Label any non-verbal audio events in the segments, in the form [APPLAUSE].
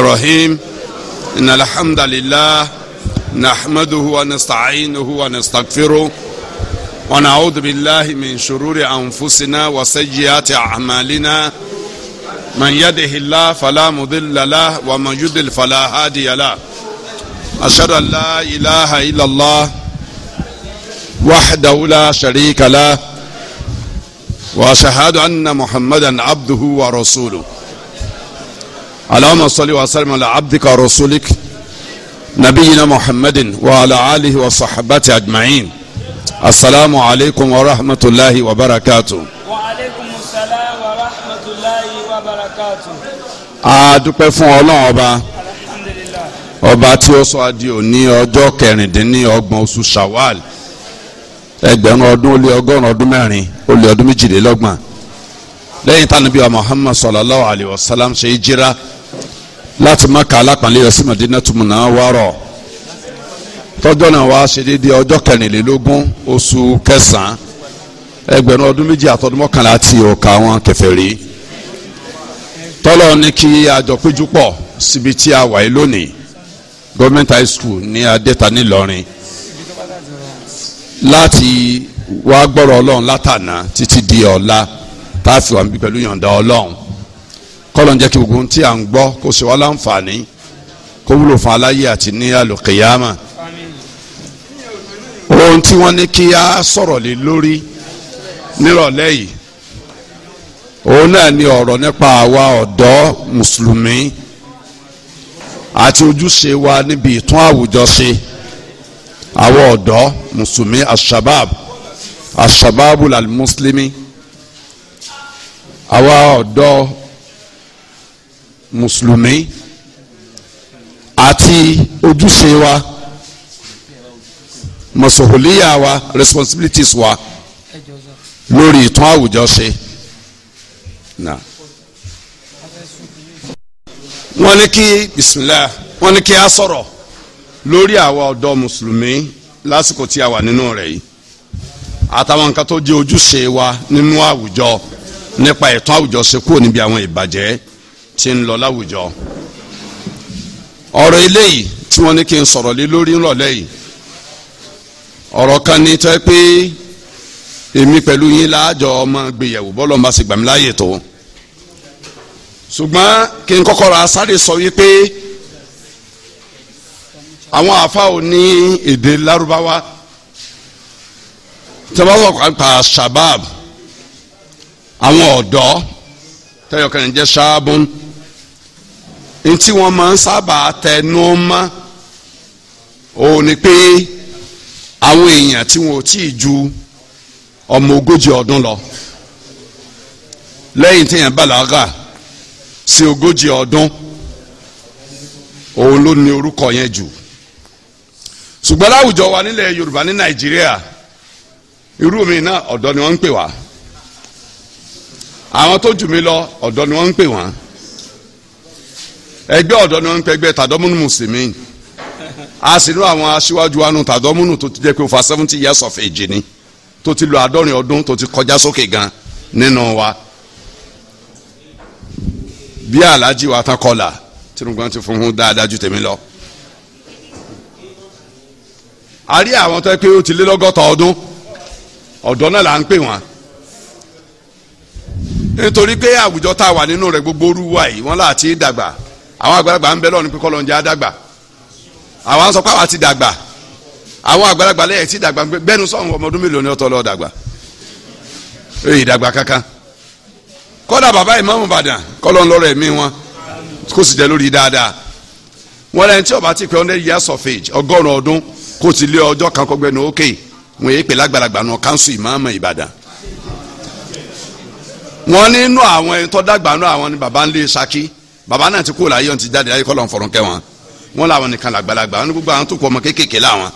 الرحيم إن الحمد لله نحمده ونستعينه ونستغفره ونعوذ بالله من شرور أنفسنا وسيئات أعمالنا من يده الله فلا مضل له ومن يضل فلا هادي له أشهد أن لا إله إلا الله وحده لا شريك له وأشهد أن محمدا عبده ورسوله اللهم صل وسلم على عبدك ورسولك نبينا محمد وعلى آله وصحبته أجمعين السلام عليكم ورحمة الله وبركاته وعليكم السلام ورحمة الله وبركاته a dúpẹ́ fún ọlọ́run ọba ọba tí ó sọ adi òní ọjọ́ kẹrìndínlọ́gbọ̀n oṣù shawal ẹgbẹ̀rún ọdún ó lé ọgọ́rùn ọdún mẹ́rin ó lé ọdún méjìlélọ́gbọ̀n lẹ́yìn tánibíwa Muhammad sallallahu alayhi wa sallam ṣe é jíra láti Mákà alápàlẹ́ yọ sí tumuna Munawwara tọ́jọ́ náà wá ṣe déédéé ọjọ́ kẹrìnlélógún oṣù kẹsàn-án ẹgbẹ̀rún ọdún méjì àtọdún mọ́kànlá ti òkà àwọn kèfèrí tọ́lọ́ ní kí àjọpéjúpọ̀ síbi tí a wà yìí lónìí government high school ní adẹ́ta nílọrin láti wá gbọ́rọ̀ ọlọ́run látànà títí di ọ̀la tá a fi wà níbi pẹ̀lú yọ̀ǹda ọlọ́run kọ́lọ̀ ń jẹ́ kí gbogbo ohun tí à ń gbọ́ kó ṣe wá láǹfààní kó wúlò fún aláyé àti ní àlùkìyàmà ohun tí wọ́n ní kí á sọ̀rọ̀ lé lórí nírọ̀lẹ́ yìí òun náà ni ọ̀rọ̀ nípa àwa ọ̀dọ́ mùsùlùmí àti ojúṣe wa níbi ìtún àwùjọ ṣe àwa ọ̀dọ́ mùsùlùmí ashabab ashababul al-muslimi àwa ọ̀dọ́ mùsùlùmí àti ojúṣe wa mọ̀sọ̀hùlíyà wa responsibilities wa lórí ìtàn àwùjọ ṣe. wọ́n ní kí bisimilah wọ́n ní kí a sọ̀rọ̀ lórí àwa ọ̀dọ́ mùsùlùmí lásìkò tí a wà nínú rẹ̀ yìí àtàwọn nǹkan tó jẹ́ ojúṣe wa nínú àwùjọ nípa ìtàn àwùjọ ṣe kúrò níbi àwọn ìbàjẹ́ tí ń lọ láwùjọ ọ̀rọ̀ eléyìí tí wọ́n ní kí n sọ̀rọ̀ lé lórí ńlọ̀lẹ́ yìí ọ̀rọ̀ kan ní tẹ́ pé èmi pẹ̀lú yín láàjọ ọmọ gbéyẹ̀wò bọ́lọ̀ máa sì gbàmí láàyè tó ṣùgbọ́n kí n kọ́kọ́ ra sáré sọ wípé àwọn àáfàá ò ní èdè lárúbáwá tẹ́wọ́n pa shabab àwọn ọ̀dọ́ tẹ́yọ̀kẹ́rin jẹ́ ṣáàbùn ntí wọ́n máa ń sábà tẹnu mọ́ òun ni pé àwọn èèyàn tí wọn ò tí ì ju ọmọ ogójì ọdún lọ lẹ́yìn tí èèyàn bàlágà sí ogójì ọdún òun ló ní orúkọ yẹn jù ṣùgbọ́n láwùjọ wa nílẹ̀ Yorùbá ní Nàìjíríà irú mi náà ọ̀dọ́ ni wọ́n ń pè wá àwọn tó jù mí lọ ọ̀dọ́ ni wọ́n ń pè wọ́n ẹgbẹ́ ọ̀dọ́ ni wọ́n ń pẹ́ ẹgbẹ́ tàdọ́múnú mùsùlùmí a sì ní àwọn aṣíwájú wa nù tàdọ́múnú tó ti jẹ́ pé o fa seventy years of age ni tó ti lo àádọ́rin ọdún tó ti kọjá sókè gan nínú wa bí aláàjì wa tán kọlà tinubu ti fún un dáadáa ju tèmi lọ a rí àwọn tó yẹ pé ó ti lé lọ́gọ́ta ọdún ọ̀dọ́ náà là ń pè wọ́n nítorí pé àwùjọ tá a wà nínú rẹ̀ gbogbo orúwa yìí wọ́n láti dàgbà àwọn àgbàlagbà ń bẹ lọ́run pé kọ́lọ́run jẹ́ àdàgbà àwọn sọ pé àwa ti dàgbà àwọn àgbàlagbà lẹ́yìn tí dàgbà gbẹ́nu sọ̀rọ̀ ọmọ ọdún mélòó ni ọ̀tọ̀ lọ dàgbà èyí dàgbà kankan kọ́dà bàbá ìmáàmù Ìbàdàn kọ́lọ́run lọ́rọ̀ ẹ̀mí wọn kó sì jẹ́ lórí dáadáa wọn lẹ́yìn tí ọba ti pé hundred years of age ọgọ́rùn ọdún kó ti lé ọjọ́ kan kọ́gbẹ́nu ókè wọn èyí pè lágbàlagbà náà kánṣu ìmáàmù Ìbàdàn wọn nínú àwọn ẹni tó dàgbà náà àwọn ni bàbá ń lé Ṣakí baba náà ti kó la ti jáde ayé kọ́lọ̀ fọ̀rọ̀ kẹ́ wọn wọn làwọn nìkan làgbàlagbà wọn ni gbogbo àwọn tó kọ ọmọ kéékèèké làwọn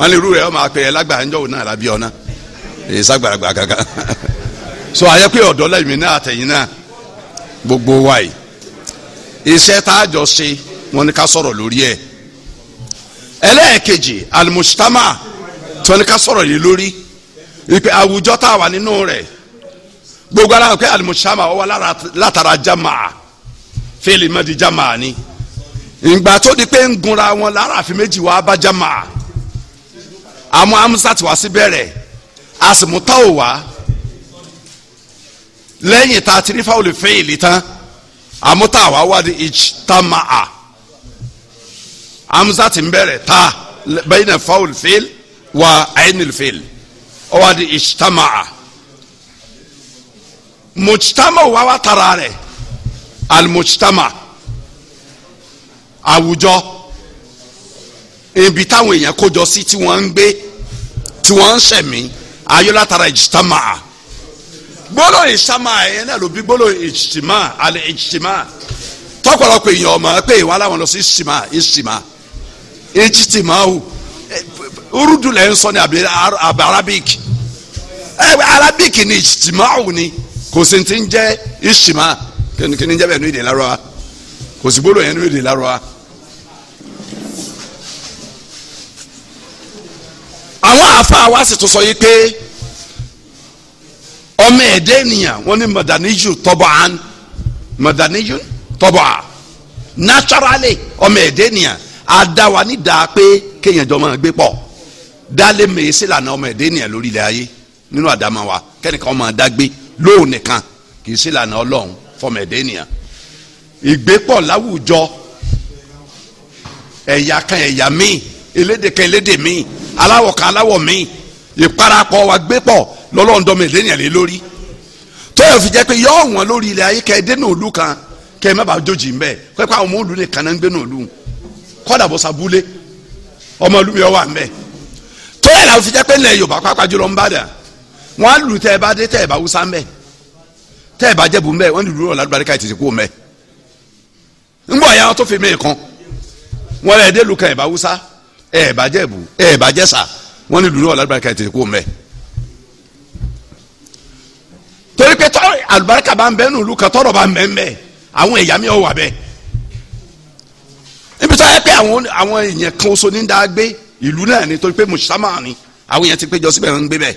wọn ni rú rẹ ọmọ apẹ ẹlágbà ẹnjọ wò náà làbí èyí sàgbàlagbà kankan [LAUGHS] so ayé pé náà àtẹ̀yìn náà gbogbo wa yìí tá a jọ ṣe wọn ni ká sọrọ lórí alimusitama tí wọn ni ká yìí lórí ìpè àwùjọ tá a wà nínú gbogbo pé alimusitama fèlè má di jama ni ìgbà tó di pé ń gunra wọn lára àfi méjì wá bá jama àmọ́ amusa ti wá sí bẹ̀rẹ̀ asimuta ò wá lẹ́yìn tá a ti rí fáwọn fèlè tán àmúta àwa wá di ìjtama'a amusa ti ń bẹ̀rẹ̀ ta bẹ́yìn fáwọn fèlè wà àyìnlè fèlè ó wá di ìjtama'a mujtama wá wá tara rẹ̀ almujtama àwùjọ ibi táwọn èèyàn kójọ sí tí wọ́n ń gbé tí wọ́n ń sẹ̀mí ayọ́látara ìjtama gbólóhùn ìjtama ẹ̀yẹn náà ló bí gbólóhùn ìjtìmá alẹ́ ìjtìmá tọ́pọ̀lọpọ̀ èèyàn ọ̀mọ̀ pé ìwà làwọn lọ sí ìjtìmá ìjtìmá ìjtìmá o urudu lẹ́yìn sọ ni àbí arabic arabic ni ìjtìmá o ni kò sì ti ń jẹ́ ìjtìmá kíni jẹ́ bẹ́ẹ̀ ní èdè Lárúbáwá kò sí gbólóhùn yẹn ní èdè Lárúbáwá. àwọn àáfàá wa sì tún sọ yìí pé ọmọ ẹ̀dẹ́ ènìyàn wọ́n ní madaniju tọ́bọ̀án madaniju tọ́bọ̀á naturally ọmọ ẹ̀dẹ́ ènìyàn adáwa ní dáa pé kéèyàn jọ máa gbé pọ̀ dálé mèésì lànà ọmọ ẹ̀dẹ́ ènìyàn lórí ilẹ̀ ayé nínú àdámọ́ wa kẹ́nìkan máa dá gbé lóò nìkan kì í sí lànà ọlọ́run fọmọ ẹ̀dẹ́ ènìyàn ìgbépọ̀ láwùjọ ẹ̀yà kan ẹ̀yà míì elédè kan elédè míì aláwọ̀ kan aláwọ̀ míì ìparapọ̀ wa gbépọ̀ lọ́lọ́ọ̀dọ́mọ ẹ̀dẹ́ ènìyàn lé lórí tó yẹ fi jẹ́ pé yọ ọ̀wọ́n lórí ilẹ̀ ayé kẹ́ ẹ dé n'òlu kan kẹ́ ẹ má bàa jójì ń bẹ̀ kọ́ ẹ kó àwọn ọmọ òlu nìkan náà ń gbé n'òlu kọ́dà bọ́ sabúlé ọmọ òlu mi wà ń bẹ̀ làwọn fi jẹ́ pé ńlẹ̀ Yorùbá pàápàá jùlọ ń bàdà á lù tẹ́ ẹ bá dé tẹ́ ẹ bá wúsá ń tẹ́ ẹ̀ bá jẹ́ bu mẹ́ wọ́n ní ìlú ọ̀làdúbáríkà ti ti kú mẹ́ ńgbọ́ àyà tó fi mí kan wọ́n ẹ̀ dẹ́lu kan ẹ̀ bá wúsá ẹ̀ bá jẹ́ bu ẹ̀ bá jẹ́ sà wọ́n ní ìlú ọ̀làdúbáríkà ti ti kú mẹ́ torí pé tọ́ àlùbáríkà bá ń bẹ́ nù lùkà tọ́rọ̀ bá ń bẹ́ ń àwọn ẹ̀yà mi ò wà bẹ́ẹ̀ níbi tó yẹ pé àwọn àwọn èèyàn kan oṣù ní dáa ìlú náà ni torí pé mùsùlùmá ni àwọn èèyàn ti péjọ síbẹ̀ ń gbé bẹ́ẹ̀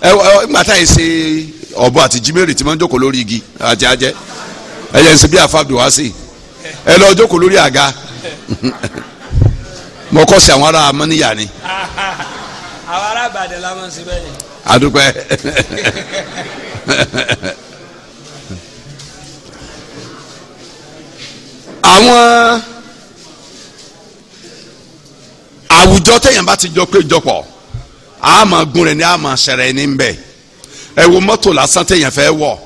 ẹ ẹ nígbà tá ẹ ṣe ọ̀bọ àti jimere tí wọ́n jókòó lórí igi àti ajẹ́ ẹ yẹn ń ṣe bí afáàdù wá sí ẹ lọ jókòó lórí àga [LAUGHS] mo kọ́ sí àwọn ará amọ́níyà ni. àwọn ará àbàdàn la máa ń ṣe adúpẹ́ àwọn àwùjọ téèyàn bá ti jọ pé jọpọ̀ Ama máa gun rẹ̀ ní a máa ṣẹ̀rẹ̀ ní bẹ̀ ẹ wo mọ́tò lásán téèyàn fẹ́ wọ̀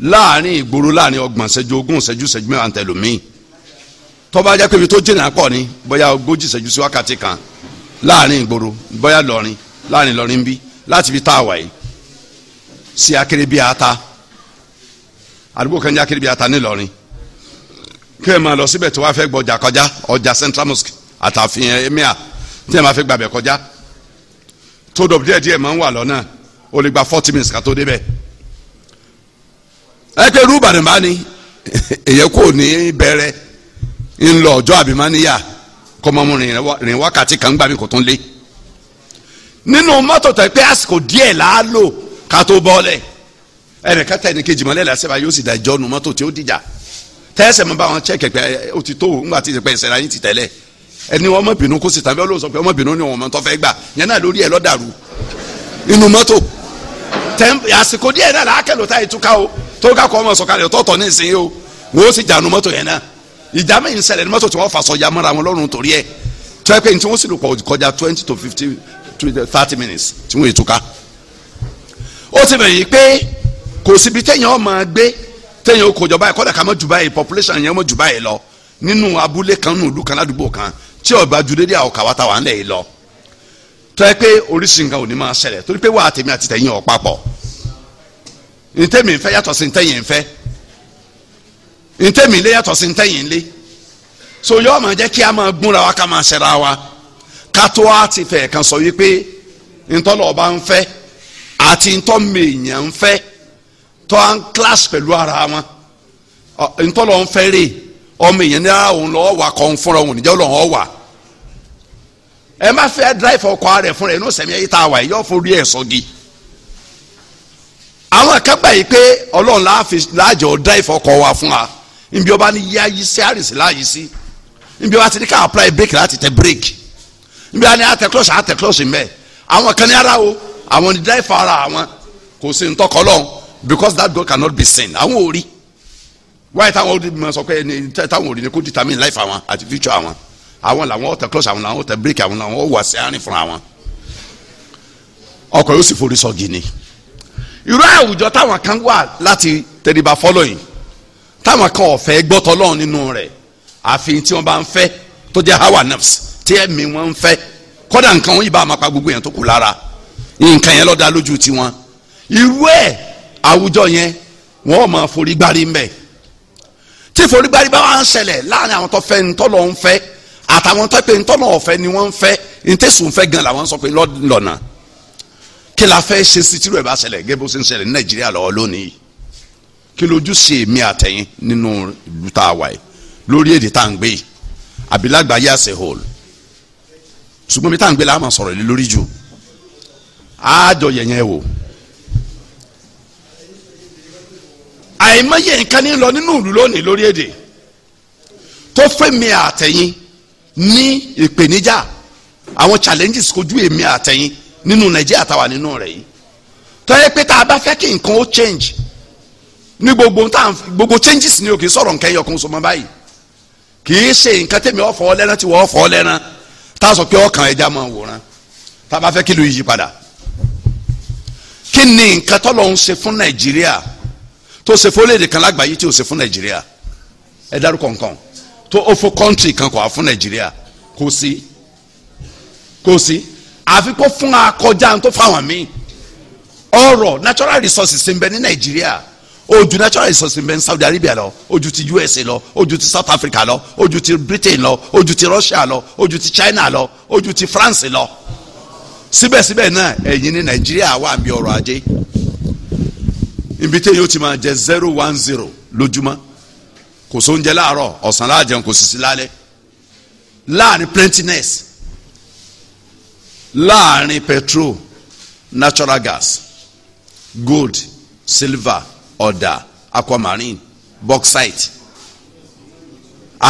láàrin ìgboro láàrin ọgbọ̀n ṣẹ́jú ogún ṣẹ́jú ṣẹ́jú mẹ́wàá tẹ̀lómi tó bá jẹ́ pé ibi tó jìnnà pọ̀ ni bóyá ogójì ṣẹ́jú sí wákàtí kan láàrin ìgboro bóyá lọ́rin láàrin lọ́rin bí láti fi tá a wà yìí sí akérébíàta àdúgbò kan ní akérébíàta nílọrin kí ẹ máa lọ síbẹ̀ tó wá fẹ́ gbọ́ ọjà kọjá ọjà central mosque àtàfihàn emir tí ẹ máa fẹ́ gbàbẹ̀ kọjá tódò díẹ̀ díẹ̀ máa ń wà lọ́nà o lè gba forty minutes ká tó débẹ̀ ẹ pé irú Ìbàdàn ni ní [LAUGHS] èyẹ kò ní bẹ̀rẹ̀ ń lọ ọjọ́ àbímáníyà kọ́mọ́mú rìn wákàtí kan gbàmí kò tún lé nínú mọ́tò tó pé àsìkò díẹ̀ là á lò ká tó bọ́lẹ̀ ẹnìkan tẹ̀ ní kejì mọ́lẹ̀ làṣẹ́ bá yóò sì dá ìjọ́nu mọ́tò tí ó dìjà tẹ́sẹ̀ mọ́ bá wọn chẹ́kẹ̀ pé ó ti tó ńgbà tí ìsẹ̀pẹ̀ ìsẹ̀ra ẹni wọn mọ bínú kó sì tàbí Ọlọ́run sọ pé ọmọ ni wọn mọ tó fẹ́ gbà yẹn náà lórí ẹ lọ dàrú inú mọ́tò àsìkò díẹ̀ náà làákẹ́lò tá ìtúká o tó ká kọ́ ọmọ sọ̀kalẹ̀ tọ̀tọ̀ ní ìsìn yìí o wọ́n sì jànú mọ́tò yẹn náà ìjà mi ń ṣẹlẹ̀ ní mọ́tò tí wọ́n fà sọ ya wọn lọ́rùn torí ẹ̀ tó yẹ pé ní tí wọ́n sì lò pọ̀ kọjá twenty to fifty to thirty minutes tí wọ́n ìtúká. ó ti bẹ̀yìn pé kò síbi téèyàn ó gbé téèyàn ó kójọba ẹ̀ kọ́dà population yẹn mọ́ jù báyìí lọ nínú abúlé kan nínú tí ọba ju dédé àwọn kàwá táwa ń lẹ̀ yìí lọ tọ́ ẹ pé oríṣi nǹkan ò ní máa ṣẹlẹ̀ torí pé wà á tèmi àti tẹ̀yìn ọ̀pápọ̀ ntẹ́mi ń fẹ́ yàtọ̀ sí ntẹ́yìn ń fẹ́ ntẹ́mi ń lé yàtọ̀ sí ntẹ́yìn ń lé so yọ́ọ́ máa jẹ́ kí a máa gbúnra wa ká máa ṣẹra wa ká tó a ti fẹ́ kan sọ wípé ntọ́lọ̀ ọba ń fẹ́ àti ntọ́mọ èèyàn ń fẹ́ tọ́ à ń kílàsì pẹ̀lú ara wọn ntọ́lọ̀ ń fẹ́ rèé ọmọ èèyàn ní àwọn lọ́ọ́ wà kọ́ ń fúnra òun níjẹ́ ọlọ́run ọ̀wà ẹ má fẹ́ dráìfù ọkọ̀ rẹ̀ fúnra ẹ̀ ní sẹ̀mí ẹ̀yìn tá a wà yìí yọ forí ẹ̀ sọ́gi àwọn akẹ́gbà yìí pé ọlọ́run láàjọ dráìfù ọkọ̀ wa fún wa níbi ọba ní yá yí sí àrìsí láàyè sí níbi ọba ti ní ká apply break láti tẹ break níbi ọba ní àtẹ klọ́ọ̀sì àtẹ klọ́ọ̀sì mẹ́ àwọn kan ní ara o àwọn ní dráìfù ara àwọn kò sí ntọ́kọ́ lọ́hùn because that God cannot be seen àwọn ò rí wáyé táwọn ó di mọ sọ pé ẹni táwọn ò rí ni kó determine life àwọn àti future àwọn àwọn làwọn ọ̀tẹ̀ close àwọn làwọn ọ̀tẹ̀ break àwọn làwọn ọwọ́ àṣẹ àárín fúnra wọn ọkọ̀ yóò sì forí sọ gini irú àwùjọ táwọn kan wà láti tẹríba fọlọ́yìn táwọn kan ọ̀fẹ́ gbọ́tọ̀ lọ́run nínú rẹ̀ àfi tí wọ́n bá ń fẹ́ tó jẹ́ hawa nafs tí ẹ̀mí wọn ń fẹ́ kọ́dà nǹkan wọn ìbá àmàpá gbogbo yẹn tó kù lára nǹkan yẹn lọ́dà lójú tiwọn irú ẹ̀ àwùjọ yẹn wọ́n máa forí gbárí ń bẹ̀ tí ìforígbárí bá wà ń ṣẹlẹ̀ láàrin àwọn tó fẹ́ ntọ́lọ́ ń fẹ́ àtàwọn tó pe ntọ́lọ́ ọ̀fẹ́ ni wọ́n ń fẹ́ ntẹ̀sùn fẹ́ gan làwọn sọ pé lọ́nà kí la fẹ́ ṣe sí tírò ẹ̀ bá ṣẹlẹ̀ gẹ́gẹ́ bó ṣe ń ṣẹlẹ̀ ní Nàìjíríà lọ́wọ́ lónìí kí lójú ṣe èmi àtẹ̀yìn nínú ìlú tá a wà yìí lórí èdè tá à ń gbé yìí àbí lágbàáyé àṣẹ hall ṣùgbọ́n mi tá à ń gbé la máa sọ̀rọ̀ lé lórí jù àjọ yẹ̀yẹ́ àìmọye nǹkan ní lọ nínú ìlú lónìí lórí èdè tó fẹ́mi àtẹ̀yìn ní ìpèníjà àwọn challenges kojú èmi àtẹ̀yìn nínú nàìjíríà táwa nínú rẹ̀ yìí tó yẹ pé tá a bá fẹ́ kí nǹkan ó change ní gbogbo tá gbogbo changes ni o kì í sọ̀rọ̀ nǹkan ẹyọkùn sọmọ báyìí kì í ṣe nǹkan tẹ̀mí ọ̀fọ̀ ọlẹ́ran tí wọ́n ọ̀fọ̀ ọlẹ́ran tá a sọ pé ọkàn ẹja máa wòran tá a bá fẹ́ kí ló yí padà kí ni nǹkan tọ́lọ́ ń ṣe fún nàìjíríà tó ṣe fún orílẹ̀-èdè kan lágbàáyé tí ò ṣe fún nàìjíríà ẹ dárúkọ nǹkan tó ó fún kọ́ńtì kan kọ̀ fún nàìjíríà kò sí kò sí àfi kó fún akọjá tó fáwọn míì ọrọ̀ natural resources ń bẹ ní nàìjíríà ojú natural resources ń bẹ ní saudi arabia lọ ojú ti usa lọ ojú ti south africa lọ ojú ti britain lọ ojú ti russia lọ ojú ti china lọ ojú ti france lọ síbẹ̀síbẹ̀ náà ẹ̀yin ní nàìjíríà wà ń bí ọrọ̀ ajé ibi tẹ́ yóò ti máa jẹ zero one zero lójúmọ́ kò sóúnjẹ láàárọ̀ ọ̀sán láàjẹun kò sì sí lálẹ́ láàrin plentiness láàrin petrol natural gas gold silver ọ̀dà aquamarine bauxite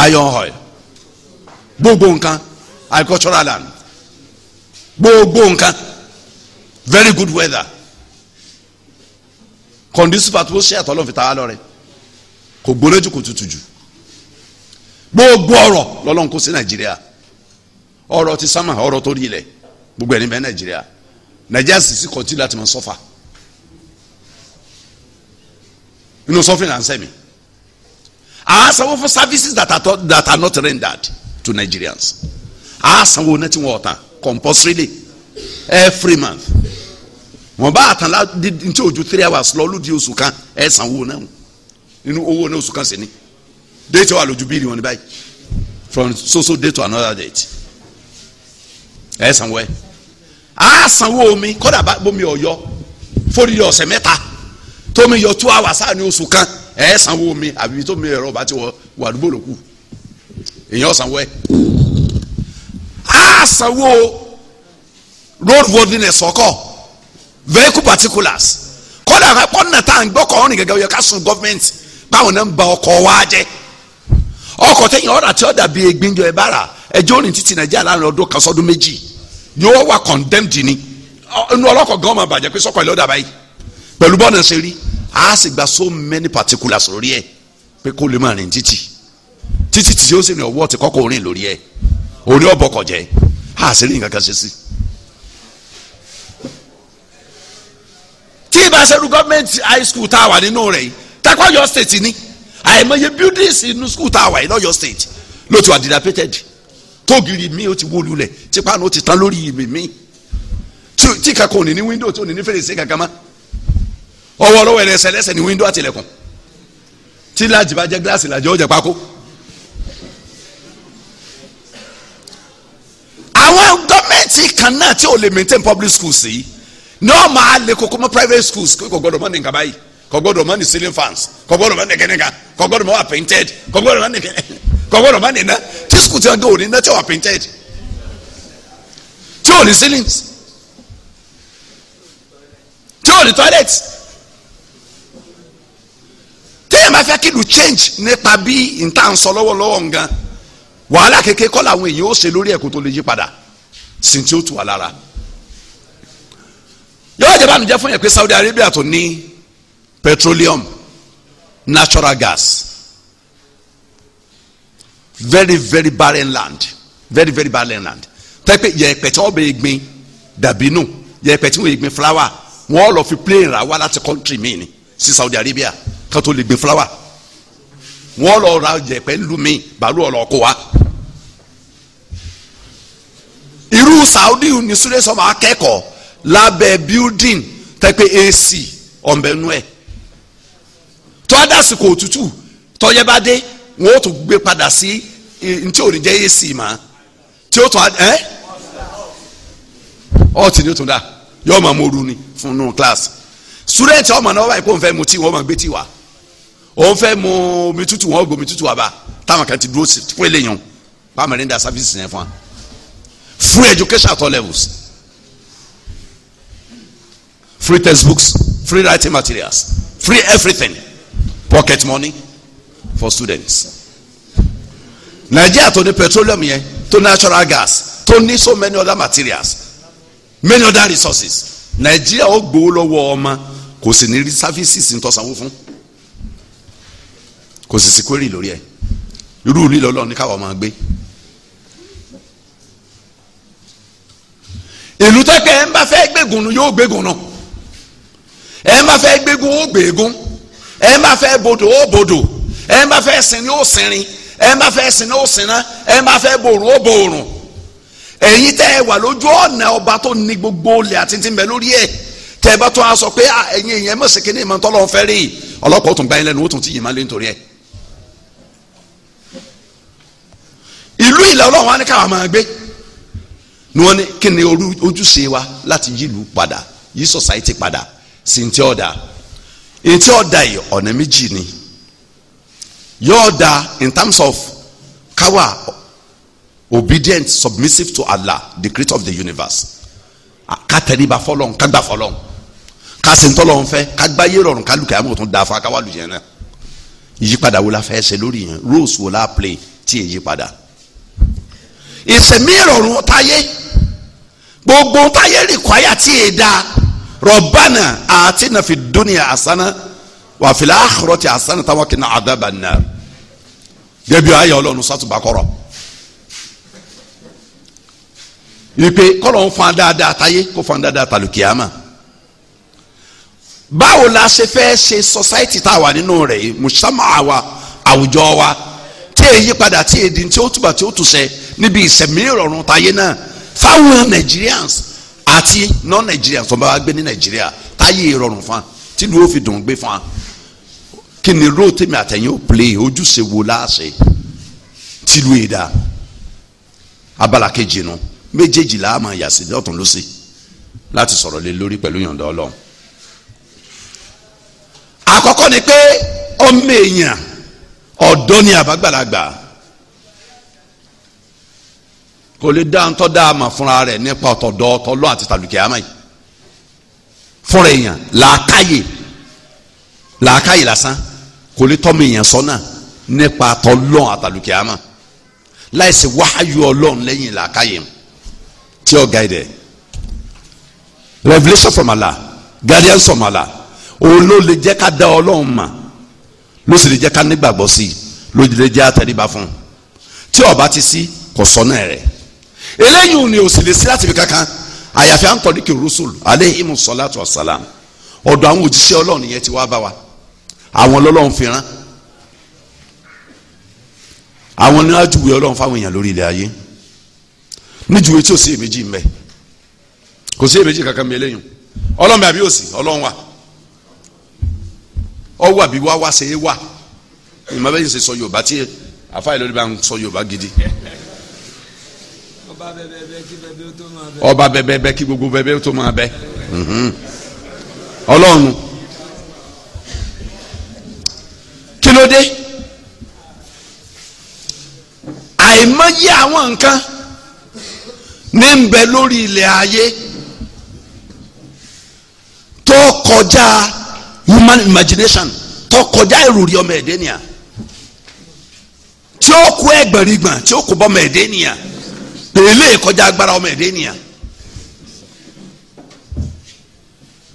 iron oil gbogbo nǹkan agricultural land gbogbo nǹkan very good weather conducive atmosphere tọ́lọ́ fi ta wá lọ́rẹ́ kò gbóná jù kò tutù jù gbogbo ọ̀rọ̀ lọ́lọ́run kó sí nàìjíríà ọ̀rọ̀ ti sámà ọ̀rọ̀ tó rí ilẹ̀ gbogbo ẹni bẹ nàìjíríà nàìjíríà sì sí kọtí láti máa sọfà inú sọfìn à ń sẹ́mi à á sanwó fún services that are, that are not rendered to Nigerians à á sanwó náà tí wọ́n ọ̀tàn every month wọn bá àtàlà ntí ojú three hours lọ olùdí oṣù kan ẹ san owó náà nínú owó náà oṣù kan sí ni date wà lójú wọn báyìí from so so date to another date ẹ sanwó ẹ á omi kódà bá bómi ọ̀yọ́ fórí ọ̀sẹ̀ mẹ́ta tómi yọ two hours á oṣù kan ẹ omi àbí tómi ẹ̀rọ bá ti wọ wà lóku èèyàn sanwó ẹ road worthiness vehicle particulars kọ́dà kọ́nà tá à ń gbọ́kọ̀ ọ́nì gẹ́gẹ́ ó yẹ ká sun gọ́fìmẹ̀ntì báwọn náà ń ba ọkọ̀ wa jẹ́ ọkọ̀ tẹ̀yìn ọ̀rà tí ó dàbí egbínjọ ẹ̀ bára ẹjọ́ orin títí nàìjíríà láàrin ọdún kan sọdún méjì yóò wà condemned ni inú ọlọ́kọ̀ gan máa bàjẹ́ pé sọ́kọ̀ ilé ọ̀dà báyìí pẹ̀lú bọ́ọ̀nà ṣe rí a sì gba so many particulars lórí ẹ̀ pé kó lè máa rìn títì títì tí yóò sì rìn ọwọ́ ti kọ́kọ́ orin lórí ẹ̀ orí ọ̀bọ̀kọ̀ jẹ́ a sì rí nǹkan kan ṣe sí i tí ìbá ṣe irú gọ́ọ̀mẹ̀ntì high school tá a wà nínú rẹ̀ yìí takwa Ọ̀yọ́ state ni àìmọye buildings inú school tá a wà yìí lọ́yọ̀ state ló ti wà dilapidated tóògiri mi ó ti wó lulẹ̀ tipanu ó ti tán lórí ibi mi tí kankan ò ní ní window tó ní ní fèrèsé kankan mọ́ ọwọ́ ọlọ́wọ́ ẹ̀rẹ́ ẹsẹ̀lẹ́sẹ̀ ní window àtìlẹ̀kùn tí lájì bá jẹ́ gíláàsì làjẹ́ ó jẹ́ pákó. àwọn gọ́ọ̀mẹ̀ntì kan náà tí ò lè maintain public schools yìí ní ọmọ alẹ kókó mọ private schools kò gbọdọ̀ mọ ní nkàbá yìí kò mọ ní ceiling fans kò gbọdọ̀ mọ ní kẹnìkà kò gbọdọ̀ mọ wà painted kò gbọdọ̀ mọ ní kẹnìkà kò gbọdọ̀ mọ ní iná tí school ti wà gbọdọ̀ ní tí wà painted tí ò ní ceilings tí ò ní toilet téèyàn bá fẹ́ kí lu change nípa bí nta ń sọ lọ́wọ́lọ́wọ́ nǹkan wàhálà kékeré kọ́ làwọn èèyàn ó ṣe lórí ẹ̀kọ́ e tó lè yí padà sì ti ó tù wá lára yóò jẹ́ báyìí jẹ́ fún yẹn pé Saudi Arabia tó ní petroleum natural gas very very barren land very very barren land pẹ́pẹ́ yẹ̀pẹ̀ tí wọ́n bẹ gbin dàbínú yẹ̀pẹ̀ tí wọ́n gbin flower wọ́n lọ fi plane ra wá láti country mi ni sí Saudi Arabia ká tó lè gbin flower wọ́n lọ ra yẹ̀pẹ̀ ń lu mi bàálù ọ̀lọ́ kó wa irú Saudi ní sùrẹ́sọ̀ máa kẹ́kọ̀ọ́ lábẹ́ building tẹ́pẹ́ AC ọ̀nbẹ́nu ẹ̀ tọ́dásìkò òtútù tọ́yẹ́ bá dé wọ́n ó tún gbé padà sí ntí ò ní jẹ́ AC mà tí ó tún ẹ́ ọ̀tí ni ó tún dà yọ̀ọ́ máa mọ̀ọ́rù ni fún nù kíláàsì sùrẹ́ẹ̀tì ọmọ náà wáyé kó n fẹ́ mu tí wọ́n máa gbé tí wá òun fẹ́ mu omi tútù wọ́n gbé omi tútù wá bá táwọn kan ti dúró sí fún eléyàn pàmò ní da services yẹn fún wa free education at all levels free textbooks, free writing materials, free everything, pocket money for students. Nigeria to ní petroleum yẹn to natural gas to ní so many other materials many other resources Nigeria ó gbowó lọ́wọ́ ọmọ kò sì ní services ń tọ́sanwó fún kò sì sí query lórí ẹ̀ irú ìlú ìlọ́lọ́ ní káwọn máa gbé. ìlú tẹ́kẹ̀ ń bá fẹ́ gbégun nu yóò gbégun náà ẹ má fẹ́ gbégun ó gbégun ẹ má fẹ́ bodò ó bodò ẹ má fẹ́ sinmi ó sinrin ẹ má fẹ́ sinmi ó sinna ẹ má fẹ́ borùn ó borùn ẹ̀yin tẹ́ ẹ wà lójú ọ̀nà ọba tó ní gbogbo olè àti ti mẹ́ lórí ẹ̀ tẹ́ ẹ bá tún a sọ pé ẹ̀yin èèyàn mọ̀ sí kíní ìmọ̀tọ́ lọ́n fẹ́ rí i ọlọ́pàá ó tún gba ẹ lẹ́nu ó tún ti yìí má lé nítorí ẹ̀. ìlú ilẹ̀ ọlọ́run wa ní káwa máa gbé ni wọ́n ní kí ni ojúṣe wa láti yílù padà yí society padà sí ntí ọ̀dà ntí ọ̀dà yìí ọ̀nà méjì ni yóò da in terms of kawa, obedient submissive to Allah the creator of the universe ká tẹríba fọlọ́n ká gbà fọlọ́n ká sì ń tọ́lọ́ ń fẹ́ ká gbá yé rọrùn ká lùkẹ́ àmọ́ òtún da fún akáwá lùjẹ́ náà ìyípadà wo la fẹ́ ṣe lórí yẹn rules wo la play tí èyí padà ìsẹ̀mí ìrọ̀rùn táyé gbogbo táyé rìkwáyà tí èyí dáa rọ̀bánà àti nàfi dúnìyà àsánà wà fìlà àkùrọ̀tì àsánà táwọn kìnnà àdàbà nà débi ayé ọlọ́run sátúbà kọ̀rọ̀ ìpè kọ́lọ̀ ń fan dáadáa táyé kó fan dáadáa tàlùkìyàmà báwo la ṣe fẹ́ ṣe society tá a wà nínú rẹ̀ yìí mùsàmà àwa àwùjọ wa tí èyí padà tí èdè tí ó túbà tí ó túṣẹ níbi ìsẹ̀mí ìrọ̀rùn táyé náà fáwọn Nigerians àti non Nigeria tó bá gbé ní Nigeria táyé ìrọ̀rùn fún wa tìlú ó fi dùn gbé fún wa kí ni róò tèmi àtẹ̀yìn ó play ojúṣe wo láàṣẹ tìlú èdà abala kejì nu méjèèjì là á máa yà sí lọ́tún lọ́sì láti sọ̀rọ̀ lé lórí pẹ̀lú yọ̀ǹda Ọlọ́run àkọ́kọ́ ni pé ọmọ èèyàn ọ̀dọ́ ni àbágbàlagbà kò lè dá ntọ́ dá àmà fúnra rẹ̀ nípa ọ̀tọ̀dọ̀ ọ̀tọ̀lọ́ àti tàlùkẹ́ àmà yìí fúnra èèyàn làákàyè làákàyè lásán kò lè tọ́ mi èèyàn sọ́nà nípa ọ̀tọ̀lọ́ àtàlùkẹ́ àmà láìsí wáyú ọlọ́run lẹ́yìn làákàyè tí ó guide revelation from Allah guardian from Allah òun ló lè jẹ́ ká dá ọlọ́run mà ló sì lè jẹ́ ká nígbàgbọ́ sí i ló lè jẹ́ àtẹríba fún un tí ó bá ti sí kò sọ́nà rẹ̀ eléyìí ni òsì lè sí láti fi kankan àyàfi à ń tọ́ dikì rusul aleyhimu salatu wasalam ọ̀dọ̀ àwọn òjíṣẹ́ ọlọ́run yẹn ti wá bá wa àwọn lọ́lọ́run fi rán àwọn ní ajúwe ọlọ́run fáwọn èèyàn lórí ilẹ̀ ayé níjúwe tí ò sí èméjì mbẹ kò sí èméjì kankan mi eléyìí ọlọ́run àbí òsì ọlọ́run wa ọwọ́ àbí wá wá ṣe é wà ìmọ̀ bẹ́yìn ṣe sọ yorùbá tí àfáà ìlú bá ń sọ yorùbá gidi. Yeah. ọba bẹbẹbẹ kí gbogbo bẹbẹ tó máa bẹ mhm. ọlọ́run kí ló dé àìmọye àwọn nǹkan ní ń bẹ lórí ilẹ̀ ayé tó kọjá human imagination tó kọjá ìròrí ọmọ ẹ̀dẹ́ nìyà tí ó kú ẹgbẹ̀rìgbọ̀n tí ó kó bọ́ ọmọ ẹ̀dẹ́ nìyà. tẹ̀lé kọjá agbára ọmọ ẹ̀dẹ́ nìyà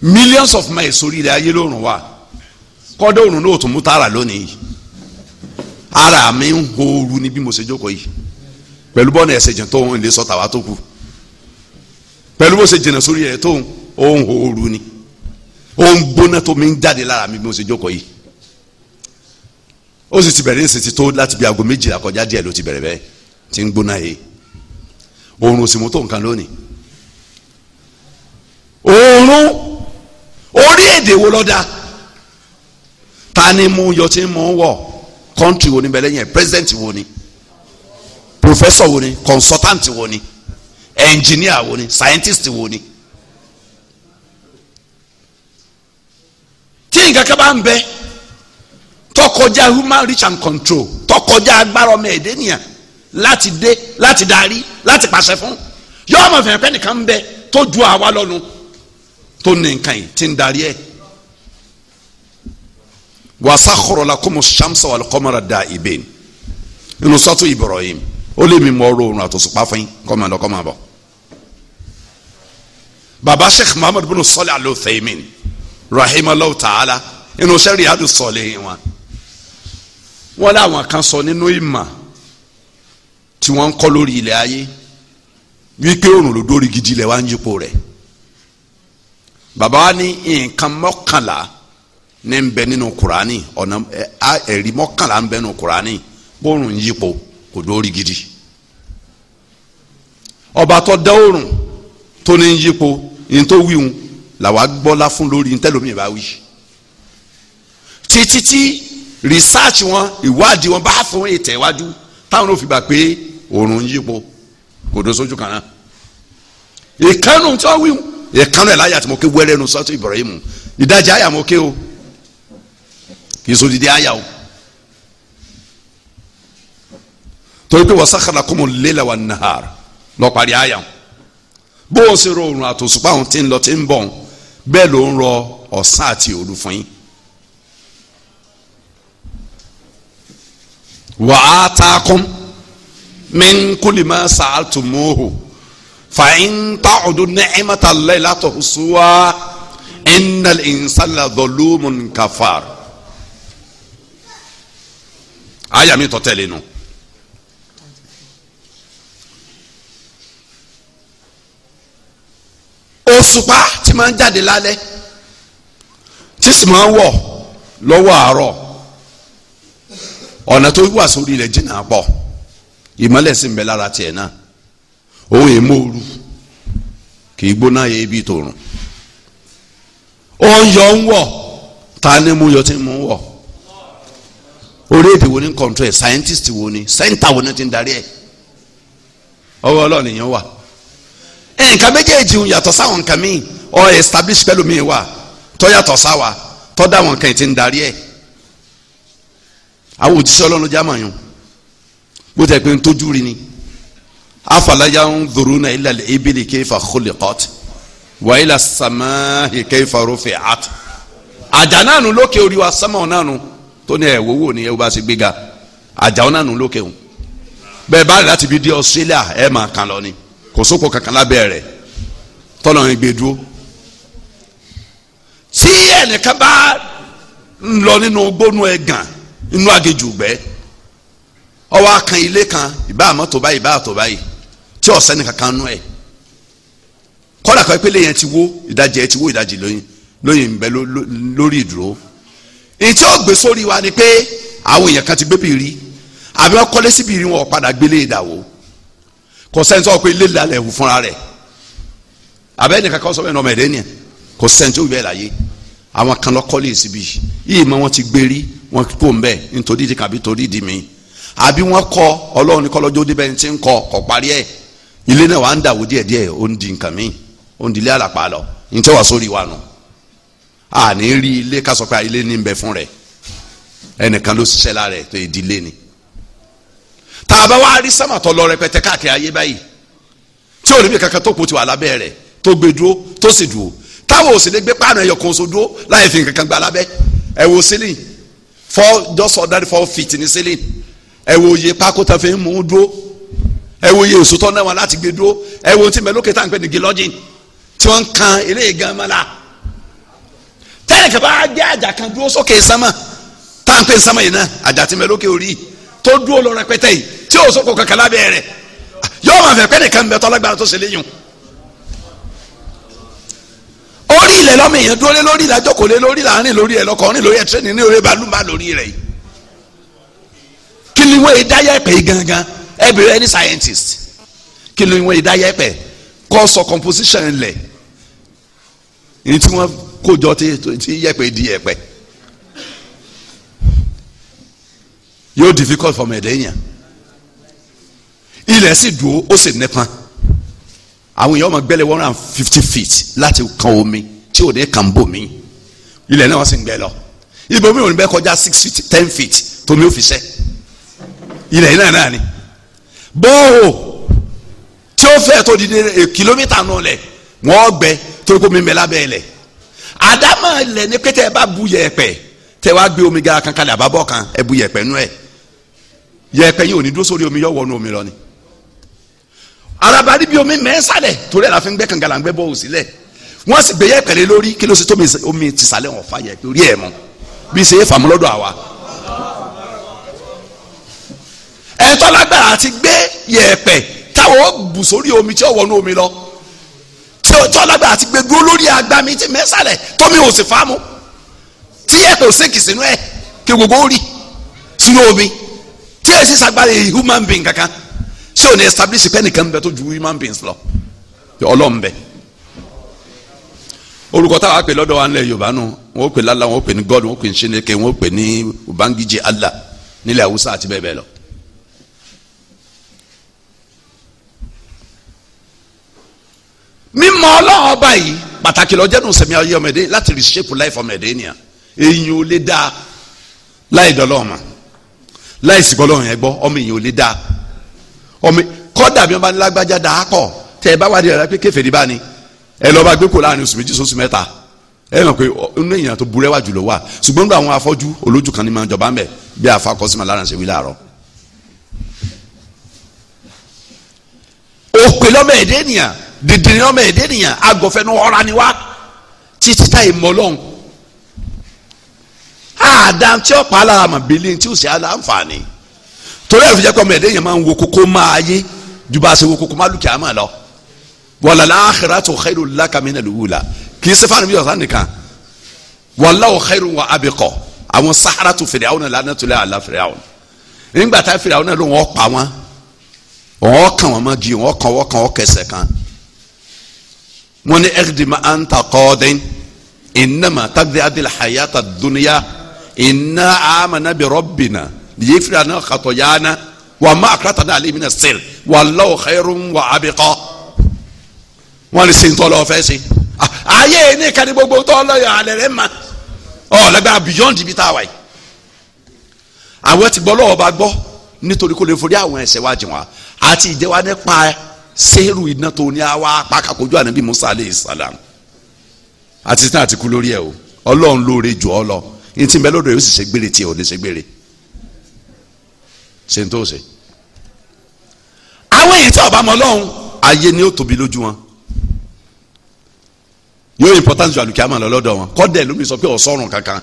millions of miles sórí ilẹ̀ ayé lóòrùn wa kọ́dọ̀ òrùn náà tún mú tààrà lónìí ara mi ń hooru ní bí mo ṣe jókòó yìí pẹ̀lú bọ́ọ̀nù ẹ̀sẹ̀ jìn tó ń lè sọ tàwa tó kù pẹ̀lú bó ṣe jìnà sórí ẹ̀ tó ń hooru ni ó ń gbóná tó mi ń jáde lára mi bí mo ṣe jókòó yìí ó sì ti bẹ̀rẹ̀ ní ìsìn ti tó láti bí aago méjìlá kọjá díẹ̀ ló ti bẹ̀rẹ̀ bẹ́ẹ̀ ti ń gbóná yìí oorun sì mú tó nǹkan lónìí oorun orí èdè wo lọ́dà ta ni mo yọ tí mo ń wọ̀ country wo ni bẹ̀rẹ̀ yẹn president wo ni professor wo ni consultant wo ni engineer wo ni scientist wo ni tí nǹkan kan bá ń bẹ tọkọjá human reach and control tọkọjá agbára ọmọ ẹ̀dẹ́ nìyà láti dé láti darí láti pàṣẹ fún yọọ mọ fẹ̀yìn pẹ́ nìkan ń bẹ tó ju àwa lọ́nu tó ní nǹkan yìí ti ń darí ẹ̀ wasakhoro lakum shamsa wal qamara da'ibain nínú sọ́tún Ibrahim ó lé mi mọ ọrọ̀ òrùn àtòsùpá fún yín kọ́ máa lọ kọ́ máa baba Sheikh Muhammad bin Salih Al-Uthaymin rahimahulahu ta'ala inú sẹ́ríyàdù sọ̀lẹ̀ wọn wọn làwọn kan sọ nínú ìmọ̀ tí wọ́n ń kọ́ lórí ilẹ̀ ayé wípé òrùn ló dórí gidi ilẹ̀ wá ń yípo rẹ̀ bàbá wa ní nǹkan mọ́kànlá ní ń bẹ nínú kùránì ọ̀nà ẹ̀rí mọ́kànlá ń bẹ nínú kùránì bóòrùn ń yípo kò dórí gidi ọba tó dá òrùn tó ní ń yípo ní tó wíhun làwa gbọ́lá fún lórí ntẹ́lómìí bá wí títí tí research wọn ìwádìí wọn bá fún ètè iwájú táwọn ò fi gbà pé òòrùn ń yípo kò dó sójú kan náà ìkànnù tí wọ́n wí ìkànnù ẹ̀ láyà tí mo ké wẹ́rẹ́ nu sọ́tù Ibrahim ìdajì àyà mo ké o kì í sojidi àyà o torí pé wasakhara kumu lela wa nahar lọ parí àyà o bó o ṣe ro òòrùn àtòṣùpá òun ti ń lọ ti ń bọ̀ bẹ́ẹ̀ ló ń rọ ọ̀sán àti òru yín. wàá ta kún min kulli ma sa'altumuhu fa in ta'udu ni'mata Allahi la tuhsuha innal insana la zalumun kafar. àyà mi tọ́ tẹ̀lé nu. òṣùpá tí máa ń jáde lálẹ́ tí sì máa ń wọ̀ lọ́wọ́ àárọ̀ ọ̀nà tó wà sórí rẹ̀ jìnnà pọ̀ ìmọ̀lẹ̀ sì ń bẹ lára tiẹ̀ náà òun èé móoru kì í gbóná yẹ ibi tòrùn ó ń yọ ń wọ̀ ta ni mo yọ tí mo ń wọ̀ orí èdè wo ni control ẹ̀ scientist wo ni center wo ni ti ń darí ẹ̀ ọwọ́ ọlọ́ọ̀ni yẹn wà nǹkan méjèèjì ń yàtọ̀ sáwọn nǹkan míì ọ establish pẹ̀lú mi wà tó yàtọ̀ sáwà tó dáwọn nǹkan ti ń darí ẹ̀ àwọn òjíṣẹ́ ọlọ́run jámọ̀ yẹn bó tẹ pé ń tójú rí ni afalaya ń dòrò náà ilà ibili kéfà khuliqat wà ilà sàmáhì kéfà rufi'at àjà náà nù lókè orí wa sámà náà nù tó ní ẹ̀wò wò ní ẹ̀wò bá ṣe gbéga àjà náà nù lókè o bẹ́ẹ̀ bá láti fi di Australia ẹ̀ máa kàn lọ ni kò sóko kankan lábẹ́ rẹ̀ tọ́lọ̀ ń dúró tí ẹnìkan bá ń lọ nínú gbónú ẹ̀gàn inú agéjù gbẹ́ẹ́ ọwọ́ akan ilé kan ìbá àmọ́tò báyìí ìbá àtọ̀ báyìí tí ọ̀sẹ́ ní kankan nú ẹ̀ kọ́dà kan pélé yẹn ti wó ìdajì ẹ̀ ti wó ìdajì lóyìn lóyìn ń bẹ lórí ìdúró èyí tí sórí wa ni pé àwọn èèyàn kan ti gbé bìrì àbí wọn kọ́lé síbi ìrìn wọn padà gbélé ìdàwó kò sẹ́ni sọ pé ilé ìlàlẹ̀ wù fúnra rẹ̀ àbẹ́ ẹnì kankan sọ bẹ́ẹ̀ ní ọmọ ẹ̀dẹ́ nìyẹn kò sẹ́ni tó bẹ́ẹ̀ àwọn kan lọ kọ́lé síbi yìí mọ wọn ti gbérí wọn kó ń bẹ́ẹ̀ nítorí ìdí kan àbí torí ìdí mi àbí wọ́n kọ́ ọlọ́run ní kọ́lọ́jọ́ débẹ̀ ní ti ń kọ́ kọ́ parí ẹ̀ ilé náà wà ń dàwó díẹ̀ díẹ̀ ó ń di nǹkan míì ó ń di ilé àlàpà lọ ní tẹ́wà sórí wa nù a ní rí ilé ká sọ pé ilé ní ń bẹ fún rẹ̀ ẹnìkan ló ṣiṣẹ́ lára ẹ̀ tó ìdílé ni tá a bá wá rí sámàtọ́ lọ rẹpẹtẹ káàkiri ayé báyìí tí ò níbi kankan tó kù ti wà lábẹ́ rẹ̀ tó gbé dúró tó sì dúró táwọn ò sì lè gbé páànù ẹyọ kan so dúró láì fi kankan gba lábẹ́ ẹ wo ceiling four just ordinary four feet ní ceiling ẹ wo iye pákó tán fi ń mú dúró ẹ wo iye èso tán náà wọn láti gbé dúró ẹ wo tí mẹlókè tá à ń pè ní gilọ́jìn tí wọ́n ń kan eléyìí gan mọ́ la tẹ́lẹ̀ kẹ́ bá gbé àjà kan dúró sókè sánmà tá à ń pè sánmà yìí náà àjà tí mẹlókè orí tó dúró lọ rẹpẹtẹ yìí tí ò sóko kankan lábẹ́ rẹ̀ yóò máa fẹ́ pẹ́ẹ́nìkan bẹ tọ́lágbára tó ṣe léyìn orí ilẹ̀ lọ́mọ èèyàn dúró lé lórí ìlàjọ́kọ̀ lé lórí ìlàárín lórí ẹ̀ lọ́kọ̀ lórí ẹ̀ tírẹ́nì ní orí balùwà lórí rẹ̀ yìí kí ni wọ́n yìí dá yẹ̀pẹ̀ yìí gangan ẹ bèrè any scientist kí ni wọ́n yìí dá yẹ̀pẹ̀ kọ́sọ̀ composition lẹ̀ ní tí wọ́n kó jọ tí yẹ̀pẹ̀ di yẹ̀pẹ̀ yóò difficult for mẹ̀dẹ́yìn ilẹ̀ sì dúró ó sì nípa àwọn èèyàn ọmọ gbẹ́lẹ̀ one hundred and fifty feet láti kan omi tí ò ní kàn bò mí ilẹ̀ náà wọ́n sì ń gbẹ lọ ibòmí ò ní bẹ́ kọjá six feet ten feet tómi ò fi sẹ́ ilẹ̀ yìí náà náà ni bọ́ọ̀ tí ó fẹ́ tó di kìlómítà náà lẹ̀ wọ́n gbẹ torí kó mi mẹ́ lábẹ́ ilẹ̀ àdámọ̀ ilẹ̀ ni pété ẹ bá bu yẹ̀pẹ̀ tẹ wá gbé omi gara kan kalẹ̀ àbábọ̀ kan ẹ bu yẹ̀pẹ̀ nú ẹ̀ yẹ̀pẹ̀ yìí ò ní dúró sórí omi yọ̀ wọnú omi lọ ni arabali bi omi mẹ́sàlẹ̀ torí ẹ̀ la fi ń gbẹ́ kànga la ń gbẹ́ bọ́ọ̀ sílẹ̀ wọ́n sì gbé yẹ̀pẹ̀ lé lórí kí ló sì tó omi tìsàlẹ̀ wọn fa yẹ̀pẹ̀ orí ẹ̀ mọ́ bí ṣe é fàmúlọ́dọ̀ àwa ẹ̀tọ́ lágbára àti gbé yẹ̀ẹ̀pẹ̀ táwọn ó bù sórí omi tí ó wọnú omi lọ tí ẹ̀tọ́ lágbára àti gbé dúró lórí agbami tí mẹ́sàlẹ̀ tómi ò sì fáàmù tí yẹ̀ẹ̀pẹ̀ sèkì sínú ẹ̀ kí gbogbo ó rí sínú omi tí ẹ̀ sì sagbára human being kankan ṣé ò ní establish pé ẹnìkan bẹ tó ju human beings lọ ọlọ́run bẹ olùkọ́ táwa pè lọ́dọ̀ wa nílẹ̀ yorùbá nù wọ́n pè lálá wọ́n pè ní god wọ́n pè ní seneke wọ́n pè ní ubangiji allah nílẹ̀ haúsá àti bẹ́ẹ̀ bẹ́ẹ̀ lọ mímọ̀ ọlọ́run ọba yìí pàtàkì lọ́jọ́ nù sẹ̀mí ayé ọmọdé láti reshape life ọmọdé nìyà èyàn ò lè da láì dọ́lọ́run mọ̀ láì sì gbọ́ lọ́run yẹn gbọ́ ọmọ èyàn ò lè dáa ọmọ kọ́dà bí wọ́n bá ní lágbájá kọ̀ tẹ ẹ bá wà dìrẹ̀ pé kẹfẹ́ níbà ni ẹ lọ́ọ́ bá gbé kó láàrin oṣù méjì sóṣù mẹ́ta ẹ mọ̀ pé inú èèyàn tó burẹ́wà jùlọ wà ṣùgbọ́n nígbà àwọn afọ́jú olójú kan ní máa jọba ń bẹ̀ bí afakọ́símọ̀ lára ṣe wí láàárọ̀ òpè lọ́mọ ẹ̀dẹ́ nìyà dìdìrín ọmọ èdè nìyẹn agọ̀fẹ́nu ọ̀ra ni wá títí táyì mọ́ lọ́hùn àdá tí ó pa alára mà bílí tí ó sì á láǹfààní torí ẹ̀fọ́ jẹ́ pé ọmọ èdè yẹn máa ń wo kókó máa yé ju bá a ṣe wo kókó má lùkìá mà lọ wàlá al-akhiratu khairul laka mina al-ula kì í ṣe fáwọn ibi ọ̀sán nìkan wallahu khairun wa abqa àwọn saharatu Fir'auna lanatulahi ala Fir'auna nígbà tá Fir'auna ló wọn pa wọn wọn kàn wọn mọ gi wọn kàn wọn kàn wọn kẹsẹ̀ kan wọ́n ní ẹ̀ẹ́dìmọ̀ à ń ta kọ́ọ́dín ìnáma tàbí adìlẹ̀ hayata dunuya ìná àmàna bi rọ́bìnà yìí fi àná kàtọ́ yánà wà má àkàtà náà àlẹ́ ìmìnà sẹ́l wà lọ́wọ́ xẹ́rùn wà abẹ́kọ́ wọ́n ní sèǹtọ́ lọ́wọ́ fẹ́ sí. Ah, ayé ní kàdí gbogbo tọ́ lọ́yọ̀ alẹ́ rẹ̀ ma ọ lẹ́gbẹ́ beyond ibi tá a wà yìí. àwọn ti gbọ́ lọ́wọ́ bá gbọ́ nítorí kó lè forí àwọn ẹ̀ṣẹ̀ wa àti ìjẹ́wá nípa sẹ́rù iná tó ní àwa apákàkójú ànábì musa aleyhi salam àti tí náà ti kú lórí ẹ o ọlọ́run lóore jù ọ lọ ní tí n bẹ lọ́dọ̀ yóò sì ṣe gbére tiẹ̀ ò ní ṣe gbére ṣe n tó ṣe. àwọn èyí tí ọba mọ ọlọ́run ayé ni ó tóbi lójú wọn yóò importance ju àlùkìyàmọ̀ lọ lọ́dọ̀ wọn kọ́dẹ̀ lómi sọ pé ọ̀sọ́run kankan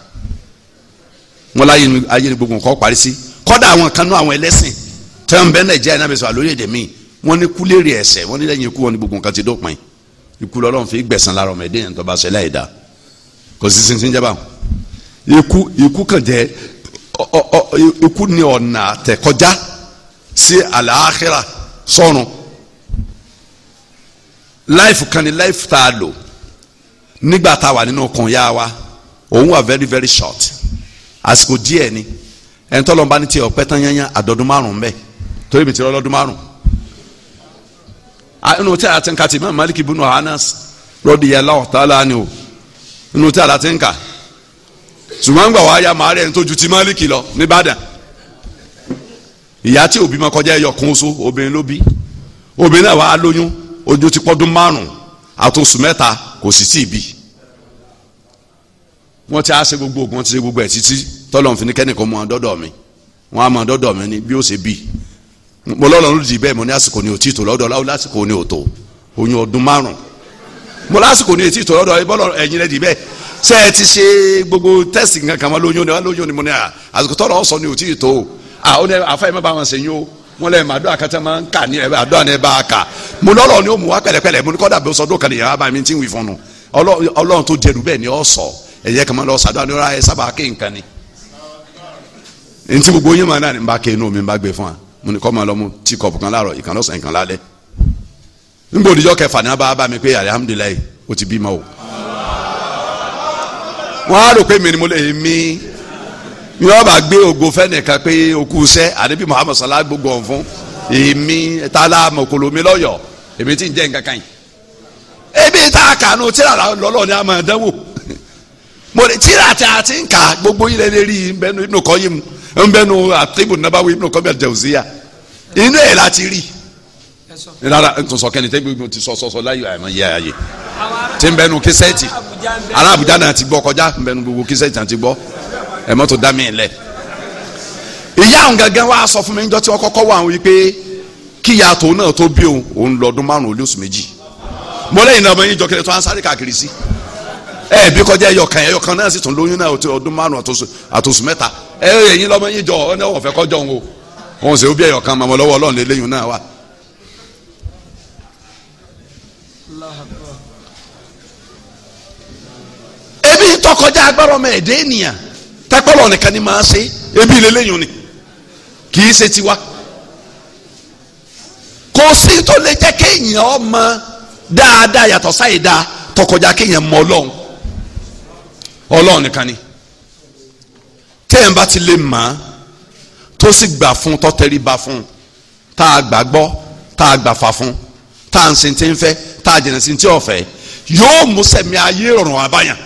wọn láyé ayé ni gbogbo nǹkan parí sí kọ́dà àwọn kan àwọn ẹlẹ́sìn tẹ́ nàìjíríà náà bẹ sọ míì wọ́n ní kú léèrè ẹ̀ṣẹ̀ wọ́n ní lẹ́yìn ikú wọn ní gbogbo nǹkan ti dópin ikú lọ́lọ́run fi gbẹ̀san lára ọmọ ẹ̀dẹ́yìn tó bá ṣe láìda kò sí sísìn jẹba ikú ikú kàn jẹ ikú ni ọ̀nà àtẹ̀kọjá sí àlàáhírà sọ́run life kan ni life tá a lò nígbà tá a wà nínú ọkàn yá wa òun wà very very short àsìkò díẹ̀ ni ẹni tọ́lọ́mbá ní tiẹ̀ ọ̀pẹ́ tán yányán àdọ́dún márùn-ún bẹ́ẹ̀ torí mi ti rọ́ lọ́dún márùn-ún Ah, inú tí a ti ń ka ti imam malik ibn anas radiyallahu ta'ala anhu inú tí a ti ń ka ṣùgbọ́n gbà wá ya màárẹ̀ ẹni tó ju ti malik lọ nìbàdàn ìyá tí òbí ma kọjá ẹyọ kún so obìnrin ló bí obìnrin náà wàá lóyún ojú ti pọ́dún márùn-ún àtúnṣù mẹ́ta kò sì tí ì bí wọ́n ti á ṣe gbogbo ògùn wọ́n ti ṣe gbogbo ẹ̀ títí tọ́lọ́mùfín ní kẹ́nìkan mọ́ ọ dọ́dọ̀ mi wọ́n á mọ́ ọ dọ́dọ̀ mi ní bí ó ṣe bí mo lọ́nà ló di bẹ́ẹ̀ mo ní àsìkò ni ò tí tó lọ́dọ̀ ọ̀la lásìkò ni ò tó oyún ọdún márùn mo lásìkò ni ò tí tó lọ́dọ̀ ọ̀la ẹ̀yin rẹ̀ di bẹ́ẹ̀ ṣé ẹ ti ṣe gbogbo tẹ́sì kankan ma lóyún ni wọ́n lóyún ni mo ní à àsìkò tọ́lọ̀ ọ̀sán ni ò tí à ó ní àfáyín má bá wọn ṣèyún o wọn lẹ́yìn mà àdúrà kẹta máa ń kà ní àdúrà ní ẹ bá a kà mo lọ́rọ̀ ni ó mú wa pẹ̀lẹ́pẹ̀lẹ́ mo ní kọ́dà ni ó sọ ẹ̀yẹ kan ni ntí gbogbo yín máa náà ní n bá ké inú mo ní kọ́ máa lọ mú tí kọ̀ọ̀pù kan láàrọ̀ ìkan lọ́sàn kẹfà ní abá bá mi pé alihamudulilayi o ti bímọ o á rò pé mi ni mo lè mi mi wọ́n bá gbé ògo fẹ́nìkan pé okú sẹ́ àdébí muhammed salah gbogbo ọ̀hún fún èmi tálá mọ̀kòló mi lọ́yọ̀ èmi tí ń jẹ́ nǹkan kan yìí ebi tá a tí a ti ń gbogbo yìí lẹ́ni rí i ń bẹnu àtẹ́bù nàbàwí ibùdó kọ́míà jẹ̀wùsíyà inú ẹ̀ láti rí rárá n tún sọ kẹ́ni tẹ́gbẹ́ mi ti sọ sọ sọ láyé àmọ́ yẹ ayé tí ń bẹnu kíṣẹ́ẹ̀tì ará Àbújá náà ti gbọ́ kọjá ń bẹnu gbogbo kíṣẹ́ẹ̀tì náà ti gbọ́ ẹ̀ mọ́tò dá mi lẹ̀. ìyá àwọn gangan wa sọ fún mi níjọ́ tí wọ́n kọ́kọ́ wà wọ́n pé kí ìyá tòun náà tó bí òun òun lọ ọdún márùn-ún olóṣù méjì mọ́lẹ́yìn náà mọ́yìn ìjọkẹ́lẹ́ tó ń sáré káàkiri sí ẹ̀ bí kọjá ẹyọkàn ẹyọkàn náà sì tún lóyún náà ọdún márùn-ún àtòsù ẹ ẹyin lọmọ yín jọ ọ náà ọfẹ kọjọ ń o òun sì ó bí ẹyọ kan mọ lọ́wọ́ Ọlọ́run lélẹyìn náà wa. ebi tọkọjá agbára ọmọ ẹdẹ ènìyàn tẹpọlọ nìkan ni màá ṣe ebi lélẹyìn ni kì í ṣe tiwa kò sí tó lè jẹ́ kéèyàn ọmọ dáadáa yàtọ̀ sáyé dáa tọkọjá kéèyàn mọ Ọlọ́run Ọlọ́run nìkan ni téèyàn bá ti lè mọ̀ ọ́ tó sì gbà fún tó tẹríba fún tá a gbà gbọ́ tá a gbà fà fún tá a ń sin tí ń fẹ́ tá a jìnnà sí tí ò fẹ́ yóò mú sẹ̀mí ayé rọrùn àbáyàn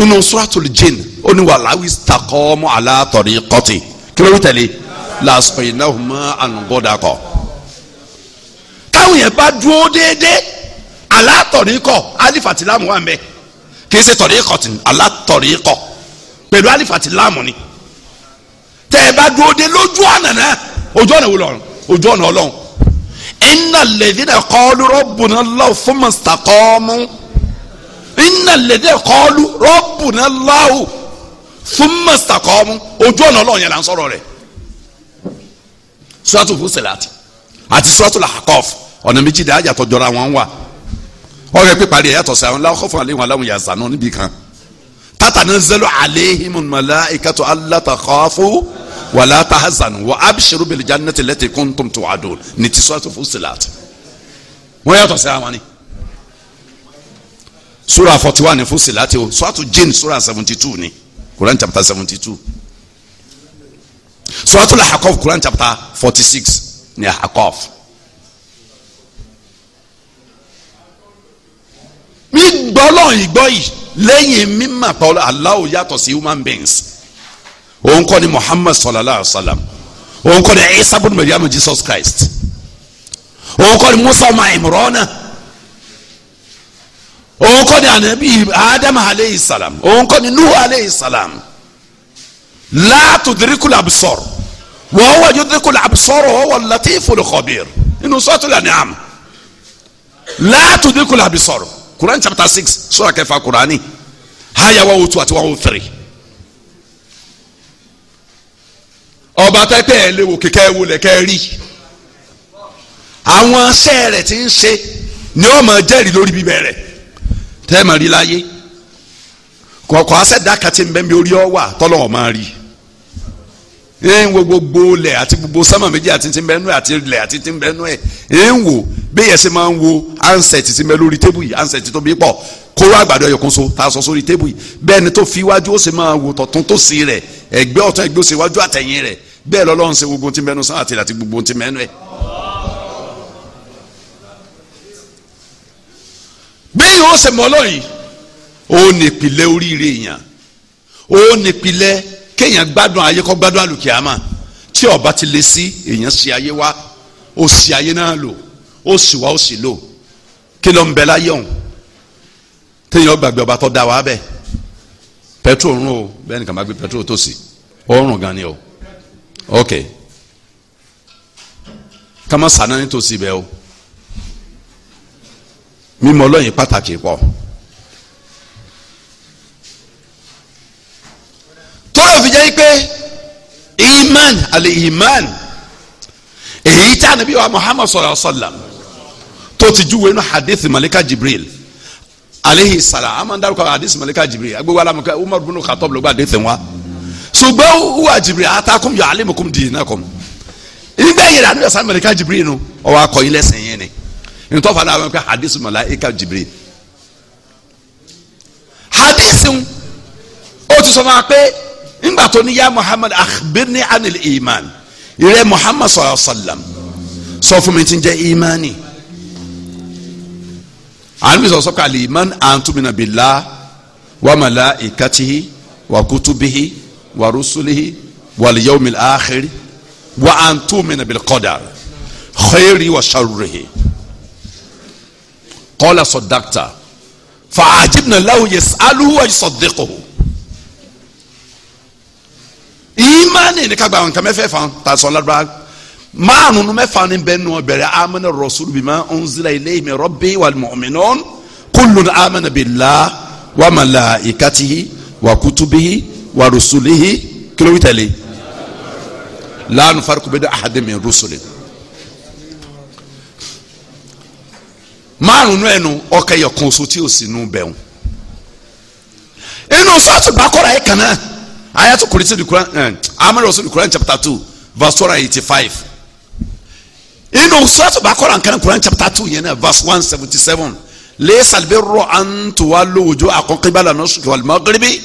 inú suratul jin ó ní wàláwí takọ́mọ́ alátọ̀rí kọ́tì kí ló ń tẹ̀lé lásìkò yìí náà mọ́ ànúgọ́dà kọ́ táwọn yẹn bá dúró déédéé alátọ̀rí kọ́ alifatilamu wà mẹ́ẹ́ kìí ṣe tọ̀ríkọ̀ tì alátọ̀ríkọ̀ pẹ̀lú alifa ti láàmù ni tẹ́ ẹ bá dúró de lójú ọ̀nà náà ojú ọ̀nà wo lọ́rùn ojú ọ̀nà ọlọ́run iná lèdínà kọ́ọ́lù rọ́bùnà lọ́wọ́ fún mọ̀sítà kọ́ọ́mù iná lèdínà kọ́ọ́lù rọ́bùnà lọ́wọ́ fún mọ̀sítà kọ́ọ́mù ojú ọ̀nà ọlọ́run yẹn là ń sọ̀rọ̀ rẹ̀ suratul fusilat àti suratul ahqaf ọ̀nà méjì dájà tọ́jọ́ra wọn wà ọ̀rẹ́ pípa rẹ̀ yàtọ̀ sí àwọn láwọ́ fún àléhùn aláwọ̀ yàtọ̀ náà níbi kan tatanazzalu alayhimul malaikatu alla takhafu wa la tahzanu wa abshiru bil jannati allati kuntum tu'adun ní ti suratu Fussilat wọ́n yàtọ̀ sí àwọn ni sura forty one ní Fussilat o suratu Jinn sura seventy two ni Quran chapter seventy two suratul Ahqaf Quran chapter forty six ní Ahqaf. mi gbọ́ lọ́rùn ìgbọ́ yìí lẹ́yìn mímọ̀ pàwọ́lá Allahu yàtọ̀ sí human beings òun kọ́ ni Muhammad sallallahu alayhi wa sallam òun kọ́ ni Isa bin Maryam Jesus Christ òun kọ́ ni Musa ọmọ Imrana òun kọ́ ni anabi Adam aleyhi salam òun kọ́ ni Nuhu aleyhi salam la tudrikul absar wa huwa yudrikul absar wa huwa latiful khabir inú suratul an'am la tudrikul absar. Quran chapter six sura kẹfà Qurani haya one oh two àti one o oh three ọba tẹ́tẹ́ ẹ̀ léwu kíkẹ́ wo lẹ́kẹ́ rí àwọn asẹ́ rẹ̀ ti ń ṣe ni ó máa jẹ́rìí lórí bíbẹ̀ rẹ̀ tẹ́ẹ̀ máa rí láyé kọ̀ọ̀kọ̀ asẹ́ dákàtí ń bẹ́ẹ̀ mi orí ọ wà tọ́lọ́ ọ̀ máa rí i ń wo gbogbo ilẹ̀ àti gbogbo sámà méjì àti ti ń bẹ́ẹ̀ nú ẹ̀ àti ilẹ̀ àti ti ń bẹ́ẹ̀ nú ẹ̀ ń máa ń wo ansẹ̀t ti mẹ́ lórí tébù yìí ansẹ̀t tó bí pọ̀ kóró àgbàdo ẹ̀yọ̀kan so tá a sọ sórí tébù yìí bẹ́ẹ̀ ni tó fi iwájú ó sì máa wò tọ̀tún tó sí rẹ̀ ẹ̀gbẹ́ ọ̀tún ẹ̀gbẹ́ òsì iwájú àtẹ̀yìn rẹ̀ bẹ́ẹ̀ lọ́lọ́run ṣe gbogbo ti mẹ́nu sáà àti gbogbo ti mẹ́nu ẹ̀. bẹ́ẹ̀ yóò ṣe mọ́ lọ́yìn ó nípìnlẹ̀ oríire kéèyàn gbádùn ayé kó gbádùn àlùkìyàmà tí ó bá ti lé sí èèyàn sí ayé wa ó sì ayé náà lò ó sì wá ó sì lò kí ló ń bẹ láyé ọ̀hún téèyàn gbàgbé ọba tó dá wa bẹ́ẹ̀ pẹtrol rún o bẹ́ẹ̀ nìkan bá gbé pẹtrol tó sì ọrùn gan ni o ok kàmá sànán nítòsí bẹ́ẹ̀ o mímọ́ ọlọ́yin pàtàkì pọ̀. tọ́lọ̀ fi jẹ́ pé iman àlè iman èyí tí anabi wa muhammad sallallahu alaihi sallam tó ti júwe nù hadith malika jibril aleyhi salam a máa ń dárúkọ hadith malika jibril agbègbè alamaka umar bin khattab ló gba hadith wa ṣùgbọ́n wa jibril atakum yọ alimukum kum, nígbà yẹn anabi wa sallam malika jibril nu ọwọ́ akọyin lẹ́sìn yẹn ni ntọ́fà náà wọn kọ hadith malika jibril hadith ó ti sọ fún pé nígbà tó ní ya muhammad akhbirni anil iman ìrẹ muhammad sallallahu alaihi wa sallam sọ fún mi tí ń jẹ́ imani àánú sọ sọ kàlí iman antumina billah wa malaikatihi wa kutubihi wa rusulihi wal yawmil akhir wa antumina bil qadar khayri wa sharrihi qala sadaqta fa ajibna lahu yas'aluhu ìmánì ní kagbà nǹkan mẹ́fẹ̀ẹ̀fà tà sọ ládùúgbà márùn mẹ́fà ni bẹ́ẹ̀ nù bẹ̀rẹ̀ amana rasulu bima unzila ilayhi min rabbi wal mu'minun kullun amana billahi wa malaikatihi wa kutubihi wa rusulihi kilowitali la nufarriqu bayna ahadin min rusulihi. márùn ẹnu ọkẹ yọkan oṣù tí o sì nù bẹ̀rù inú sọ́ọ̀tù bákọ́ra ẹ̀ kan náà ayatu kurisi the Quran ɛn eh, amadu wasu the Quran chapter two verse two hundred eighty five inu suratu bakora nkan Quran chapter two yẹn na verse one seventy seven leesal bi rọ antuwa lowujo akọkibala nasuki walima garibi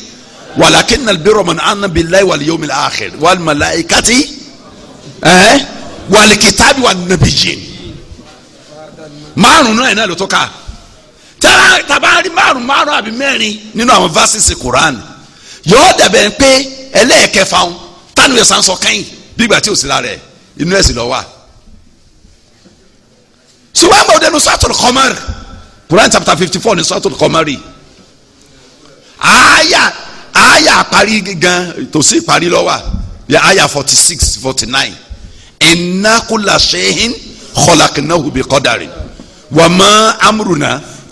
walakin albiro man anna bilayi wali yomi akhir walima laikati ɛɛ eh, wali wa nabijin márùn náà yẹn náà lọ́tọ̀ ká tabaari márùn márùn àbí mẹ́rin nínú àwọn verses Quran yọọ dẹbẹ pé ẹlẹ́ẹ̀kẹfà ń tánu ẹ̀sán sọ kẹ́yìn bígbà tí ò sí lára ẹ̀ inú ẹ̀sìn lọ wà. ṣùgbọ́n àwọn ọ̀dẹ́nu sọ́tò kọ́mẹ́rì Quran chapter fifty four ní sọ́tò kọ́mẹ́rì àáyà àáyà parí gan tòsí parí lọ́wọ́ yà àáyà forty six forty nine ìnákùlà ṣẹ́yìn kọlákìnnáhù bí kọ́dàrí wàmọ́ amúrùnà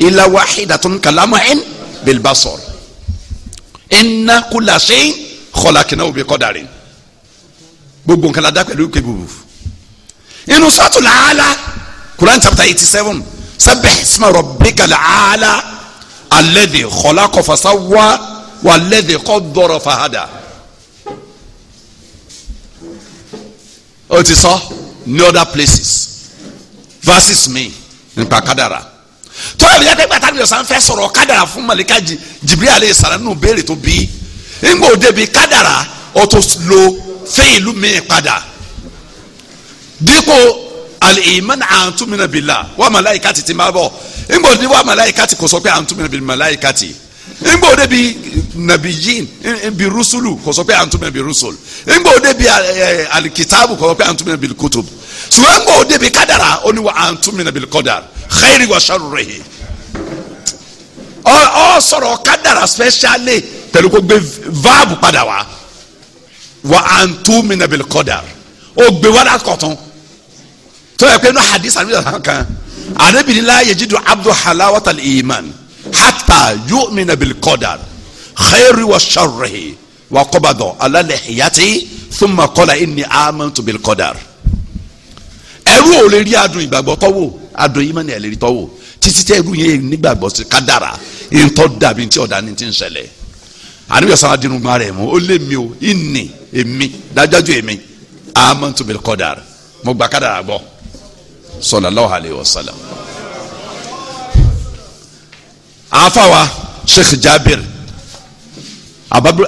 ìlà wàhídà tó inna kulla shay'in khalaqnahu bi qadarin gbogbo nǹkan la dá pẹ̀lú ìpè bùbù inú suratul Aala Quran chapter eighty seven sabbih isma rabbikal aala alladhi khalaqa fasawwa walladhi qaddara fahada. o ti sọ ní other places verses mi nípa kádàrà tọ́lá mi yàtọ̀ ìgbàtà nìyọ̀ sanfẹ́ sọ̀rọ̀ kádàrà fún malika jibiri alẹ́ sara nínú béèrè tó bí ńgbà òde bi kádàrà ọ̀tọ̀ lo fẹ́ ìlú mi padà dípò al-iman àǹtúmìnà billah wà màláìka ti ti máa bọ̀ ńgbà òde wà màláìka ti kò sọ pé àǹtúmìnà bi màláìka ti ńgbà òde bi nabiyin bi rusulu kò sọ pé àǹtúmìnà bi rusul ńgbà òde bi eh, alikitaabu kò sọ pé àǹtúmìnà bi kutub ṣùgbọ́n ńgbà òde bi kádàrà ó ní wà àǹtúmìnà bi kọ́dàrà xeyiri wa sarore ọ sọ̀rọ̀ kádàrá specially pẹ̀lú kó gbé vaabu padà wá wa antu minabil kọdàr ó gbé wàdà kọtún tó yẹ pé inú hadith àbí ìdàgbà kan anabinila yejidu abdu halawatal iman hatta yu'mina bil qadar khayri wa sharrihi wa qabada ala lihiyati thumma qala inni amantu bil qadar lè rí adùn ìgbàgbọ́ tọ́wọ́ adùn yìí mọ̀ ní ẹ̀ lè rí tọ́wò títí tẹ́ irú yẹn nígbàgbọ́ sí kádàrà yìí tọ́ dàbí tí ọ̀dà ni ti ń ṣẹlẹ̀ àníbíyà sábà dínú gbọ́n rẹ̀ mú ó lé mi o ìní èmi dájájú èmi amantu bil mo gba kádàrà gbọ́ sallallahu alayhi wa sallam. àfàwà sheikh jabir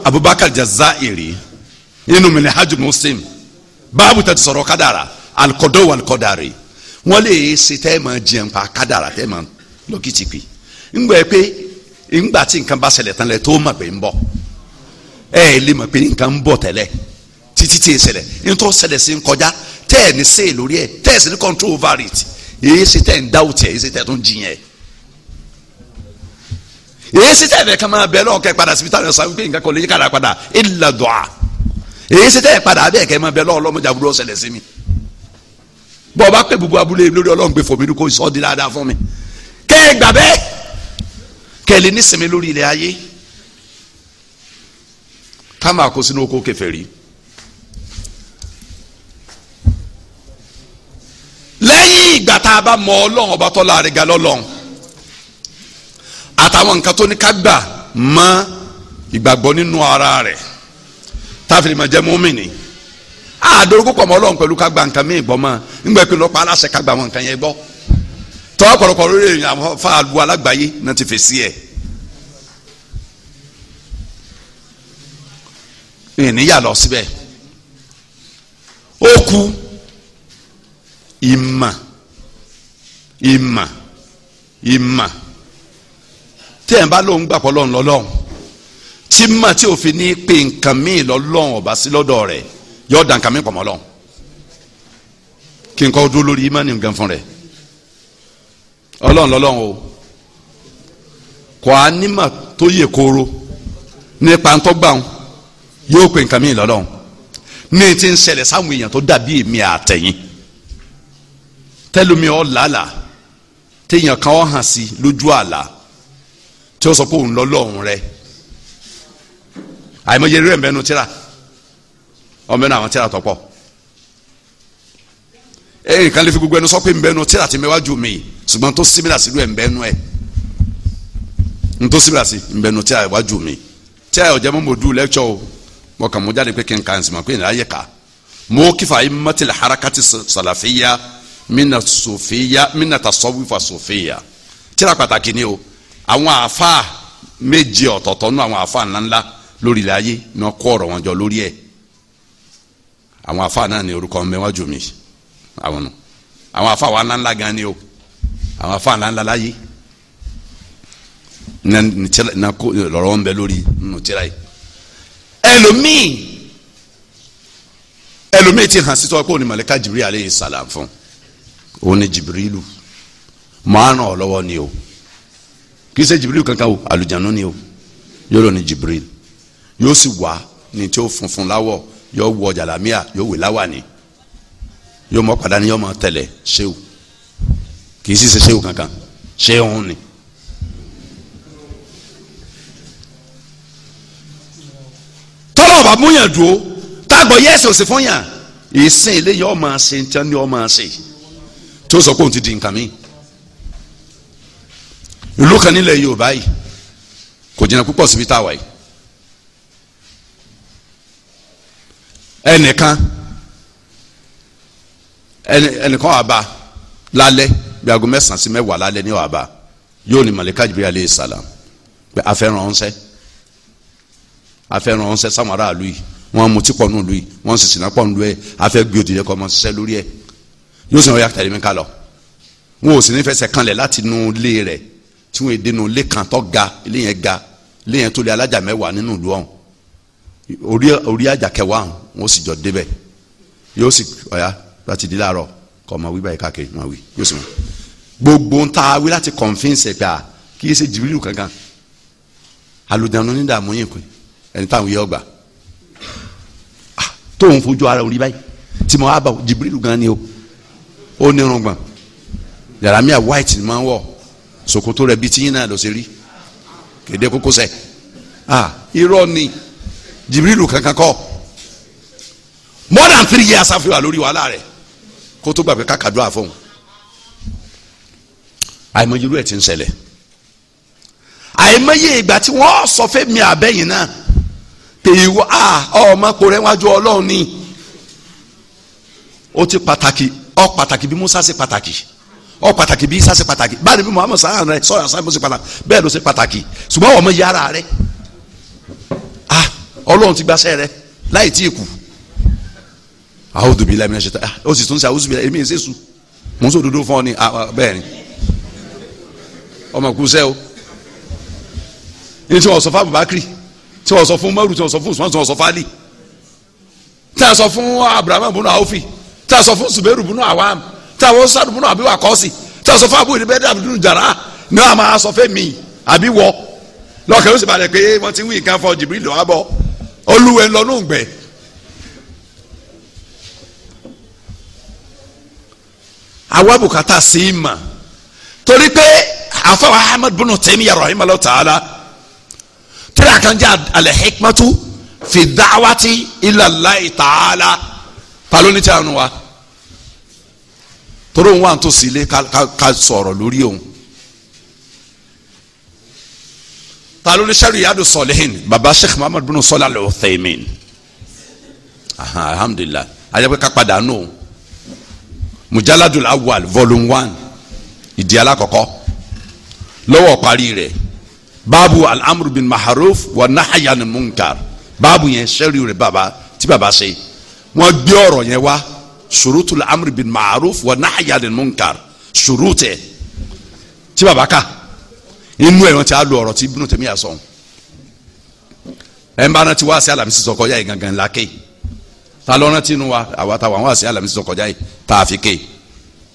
abubakar jazairi inú mi ni hajj muslim báàbù tẹ̀ ti sọ̀rọ̀ kádàrà alikodo wa alikodari. Al wọ́n lè ṣe tẹ́ mọ̀ jẹun pa kádàrà tẹ́ mọ̀ lọ́kìtì pé ńgbà pé ńgbà tí nǹkan bá ṣẹlẹ̀ tán lẹ tó mọ̀ pé ń bọ̀ ẹ ẹ lè mọ̀ pé nǹkan ń bọ̀ tẹ́lẹ̀ títí tí ì ṣẹlẹ̀ nítorí ṣẹlẹ̀ sí ń kọjá tẹ́ ẹ̀ ní ṣe lórí ẹ̀ tẹ́ ẹ̀ sì ní control over it èyí ṣe tẹ́ ẹ̀ ń dáwọ́ tiẹ̀ èyí ṣe tẹ́ ẹ̀ tó ń jiyàn ẹ̀ èyí ṣe tẹ́ ẹ̀ fẹ́ kàn máa bẹ̀ lọ́wọ́ kẹ́ padà síbi táwọn ẹ̀sán wípé nǹkan kan lè yí kàdà padà ìlà dùà èyí ṣe tẹ́ ẹ̀ padà abẹ́ máa bẹ̀ lọ́wọ́ lọ́mọdé àbúrò ṣẹlẹ̀ sí mi bọ́ ọba pé gbogbo abúlé lórí ọlọ́run gbé fòmí kó sọ di dáadáa fún mi kẹ́ ẹ gbà bẹ́ẹ̀ kẹ́ ẹ lè nísinmi lórí ilẹ̀ ayé ká máa kó sínú oko kèfèrí. lẹ́yìn ìgbà tá a bá mọ ọlọ́run ọba tọ́lá rẹ̀ lọ́lọ́run àtàwọn nǹkan tó ní ká gbà mọ́ ìgbàgbọ́ nínú ara rẹ̀ táfìlì máa jẹ́ mùmínì. àdórógó pọ̀ mọ́ ọlọ́run pẹ̀lú ká gba nǹkan mí ìgbọ́ mọ́ nígbà pé lọ́pàá aláṣẹ ká gba àwọn nǹkan yẹn gbọ́ tọ́ pọ̀lọpọ̀ lórí àwọn fáàlù alágbàáyé náà ti fèsì ẹ̀. ìníyà lọ síbẹ̀ ó ku ìmà ìmà ìmà tí ẹ̀ ń bá lóun gbàpọ̀ lọ́n lọ́lọ́run tí mà tí òfin ní pé nǹkan míì lọ́lọ́run ọ̀bá sí lọ́dọ̀ rẹ̀ yọ dànkà mi pọ̀mọ́ lọ́n kí n kọ́ dúró lórí imáni nǹkan fún rẹ̀ ọlọ́run lọ́lọ́run o kò á nímà tó yẹ kóró nípa ntọ́gbàun yóò pè nǹkan mi lọ́lọ́run ní ti ń ṣẹlẹ̀ sáwọn èèyàn tó dàbí èmi àtẹ̀yìn tẹ́lómi ọ̀ làálà téèyàn kan hàn sí lójú àlà tí ó sọ pé òun lọ́lọ́run rẹ̀ àìmọye rẹ̀ mẹ́nu tíra ọmọ náà àwọn tíra tọ pọ ẹyìn kan lè fi gbogbo ẹnu sọ pé nbẹnu tíra ti mẹwàjú mi ṣùgbọ́n tó símìlà sí ló ẹ nbẹnu ẹ ntó símìlà sí nbẹnu tíra ìwájú mi tíra ìwájú mi mo du lẹ́kṣọ̀ o mo kàn mo jáde pé kí n kà ń sìnmọ̀ pé ìnira yẹ ká mo kífà ayé mọ́tìlì harakati sàlàfíyà mina sofiya mina tasawufa sofiya tíra pàtàkì ni o àwọn àfa méje ọ̀tọ̀ọ̀tọ̀ nù àwọn àfa ńláńlá lórí ilẹ̀ ayé náà kó ọ̀rọ̀ wọn jọ lórí ẹ̀ àwọn afa náà ni orúkọ ń bẹ wọn jù mí àwọn nù àwọn afa wa ńláńlá gan ni o àwọn afa ńláńlá láyé na nìtsẹ́lá na kó lọ́rọ́ ń bẹ lórí nùtsẹ́lá yìí ẹlòmíì ẹlòmíì ti hàn sítọ́ kó ni malika jìbìrì aleyhi sàlám fún òun ni jìbìrìlù màánà ọlọ́wọ́ ni o kì í ṣe jìbìrìlù kankan o àlùjánu ni o yóò lọ ni jìbìrìlù yóò sì wá ní tí ó funfun láwọ̀ yóò wọ jàlámíà yóò wé láwàní yóò mọ padà ní yóò mọ tẹlẹ sewu kì í sì ṣe sewu kankan sehun ni. tọ́lọ̀ bá mú yàn dúró tágbọ̀ yẹ́sẹ̀ òsì fún yàn ìsìn ilé yóò máa ṣe tí wọ́n ní wọ́n máa ṣe tó sọ pé òun ti di nǹkan mi. ìlú kan nílẹ̀ Yorùbá yìí kò jìnnà púpọ̀ síbi táwa yìí ẹnìkan ẹnìkan wà bá lálẹ́ bí aago mẹ́sàn-án sí mẹ́wàá lálẹ́ ní wà bá yóò ní malika jibril aleyhi salam pé afẹ́ràn ọ̀nsẹ́ afẹ́ràn ọ̀nsẹ́ sáwọn aráàlú yìí wọ́n mutí pọ̀ nù lù yìí wọ́n sì sìnà pọ̀ nù lù yẹ afẹ́ gbé òdìdẹ kọ́ ọmọ ṣiṣẹ́ lórí ẹ̀ yóò sì ń ọ̀yà tẹ̀lé mi ká lọ wọn ò sì ní fẹsẹ̀ kanlẹ̀ láti nu ilé rẹ̀ tí wọn èdè nu ilé kan tó ga ilé yẹn ga ilé yẹn tó lé alájà mẹ́wàá nínú ìlú ọ̀hún orí orí àjà kẹwàá wọn sì jọ débẹ̀ yóò sì ọ̀yà láti di láàárọ̀ kọ́ ọmọ wí báyìí káàkiri máa wí yóò sì mọ̀ gbogbo ń ta awé láti convince ẹ̀ pé à kì í ṣe jìbìlù kankan alùdànù ní dààmú yìí pé ẹni táwọn yẹ ọgbà tóun fojú ara orí báyìí tí mo bá jìbìlù gan ni o ó nírun gbọ̀n yàrá white ni máa ń wọ̀ ṣòkòtò rẹ̀ bíi tíyín náà lọ sí rí kéde kókósẹ̀ ah irọ́ ni jìbìrìlù kankan kọ́ more than three years àfihàn lórí wàhálà rẹ̀ kó tó gbà pé kákàdúrà fún un àìmọye irú ẹ̀ ti ń ṣẹlẹ̀ àìmọye ìgbà tí wọ́n sọ fẹ́ mi àbẹ́yìn náà pèyí wá ọmọ kò rẹ́ wájú ọlọ́run ni ó ti pàtàkì ọ pàtàkì bí Musa ṣe pàtàkì ọ pàtàkì bí Isa ṣe pàtàkì báyìí bí Muhammad sallallahu alaihi wasallam ṣe pàtàkì bẹ́ẹ̀ ló ṣe pàtàkì ṣùgbọ́n ọmọ yàrá rẹ̀ ọlọ́run ti gbaṣẹ́ rẹ láì tí ì kù àwòdùbí lẹ́mìnà ṣe tá ó sì tún ṣe àwòdùbí lẹ́mìnà èmi ń sèṣù mò ń sọ òdodo fún ọ ni ah, ah, bẹ́ẹ̀ ni ọmọ kú sẹ́ o ní tí wọ́n sọ fún Abubakar tí wọ́n sọ fún Umaru tí wọ́n sọ fún Usman tí wọ́n sọ fún Ali tí wọ́n sọ fún Abrahamu bunu Awfi tí wọ́n sọ fún Zubairu bunu Awam tí wọ́n sọ Sadu bunu Abiwa Kọ́sì tí wọ́n sọ fún Abu Ibẹ́dẹ́ Abudul Jara ni wọ́n máa sọ fún mi àbí wọ́ lọ́kẹ́ ó sì balẹ̀ pé wọ́n ti wí nǹkan fọ Jibril lọ́wọ́ bọ́ olúwẹ̀ lọ́nù gbẹ. àwa bùkátà sí i torí pé àfọwọ́ Ahmad bunu Taymiyya rahimahullah ta'ala torí àkànjá al-hikmatu fi da'wati ila Allah ta'ala palóni tí a nù wa torí òun wà tó sílé ká sọ̀rọ̀ lórí òun. ta ló ní sẹ́rù yàdù sọ̀lẹ́hìn baba sheikh muhammad bin sọ́lá lọ́wọ́ thaymin alhamdulilah ajẹ́pẹ́ ká padà nù mujaladul awal volume one ìdí alákọ̀ọ́kọ́ lọ́wọ́ parí rẹ̀ baabu al'amru bin maharuf wa nahayan munkar baabu yẹn sẹ́rù rẹ̀ baba tí baba ṣe wọ́n gbé ọ̀rọ̀ yẹn wá surutul amru bin maharuf wa nahayan munkar surutẹ̀ tí baba ká inú ẹ̀rọ tí a lo ọ̀rọ̀ tí Ibn Taymiyyah sọ ẹ̀ ń bá rántí wá sí alamisi sọ kọjá yìí gangan la ké ta lọ rántí nu wa àwa ta wà wá sí alamisi sọ kọjá yìí tá a fi ké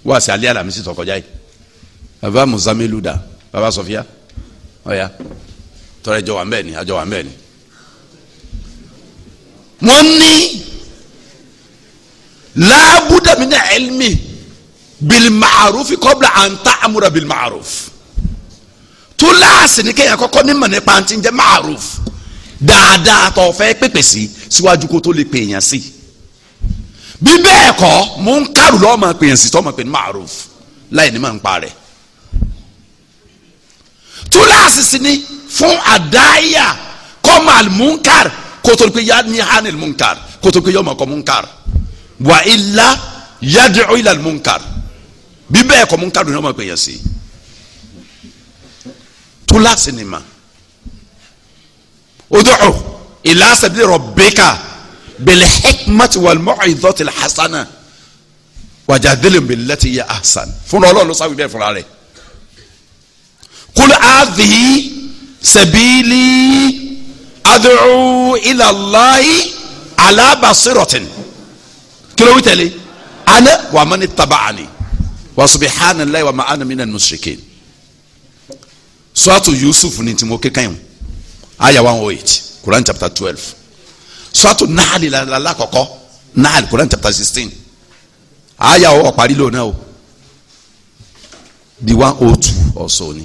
wá sí alẹ́ alamisi sọ kọjá yìí baba muzamilu baba sọfíà ọ̀ya tọ́lá ẹjọ́ wà ń ni ẹjọ́ wà ń ni wọ́n ní laabuda mina bilmaarufi kọbla anta amura bilmaaruf túláàsì ni kéèyàn kọ́kọ́ nímọ̀ nípa ti ń jẹ́ maruf dáadáa tó fẹ́ pèpè sí síwájú kó tó lè pè èèyàn sí bí bẹ́ẹ̀ kọ́ mò ń kárù lọ́ọ́ máa pè èèyàn sí tó máa pè ní maruf láì ní máa ń pa rẹ̀ túláàsì ni fún àdáyà kọ́mọ àlùmúnkàr kó tó lè hanil munkar kó tó lè pè munkar wà ilá yad'u ila al munkar bí bẹ́ẹ̀ kọ́ munkar ló máa pè èèyàn sí túláàsì ni mà ud'u ila sabili rabbika bil hikmati wal mau'izati al hasana wajadilhum billati hiya ahsan fúnra ọlọ́run ló sáwìí fúnra rẹ̀ kul hadhihi sabili ad'u ila Allahi ala basiratin kí ló wí tẹ̀lé ana suratu yusuf ni tí mo ké kàn yín aya one oh eight quran chapter twelve suratu nahali lalakọkọ nahali quran chapter sixteen aya ọwọ parí lónìí o di one oh two ọ̀sọ̀ ni.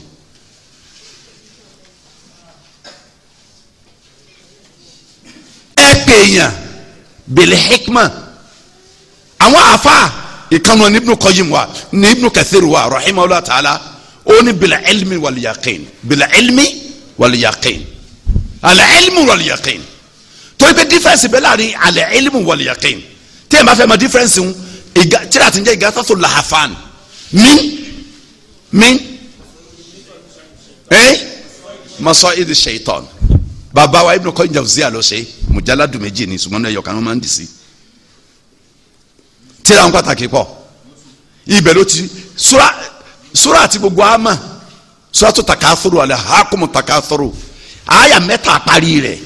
ẹ pè yàn bèlè hikma àwọn afa ìkànnì ibnu qayyim wa ní ibnu kathir wa rahimahullah ta'ala ó ní bila ilmi wal yaqin bila ilmi wal yaqin ala ilmu wal yaqin torí pé difference bẹ́ẹ̀ láàrin ala ilmu wal yaqin tí ẹ máa ma difference ń ìga tíra ti ń jẹ́ ìga tó so làhàfàn mi mi ẹ eh? masaid shaitan bàbá wa Ibn Qayyim Jawziyya ló ṣe mujalladu méjì ní sùgbọ́n náà ẹ̀yọ̀kan ló máa ń dì sí tíra ń pàtàkì pọ̀ ibẹ̀ ti sura sura àti gbogbo ama sura tó takasoro alẹ ha kò mo takasoro aya mẹ́ta parí rẹ̀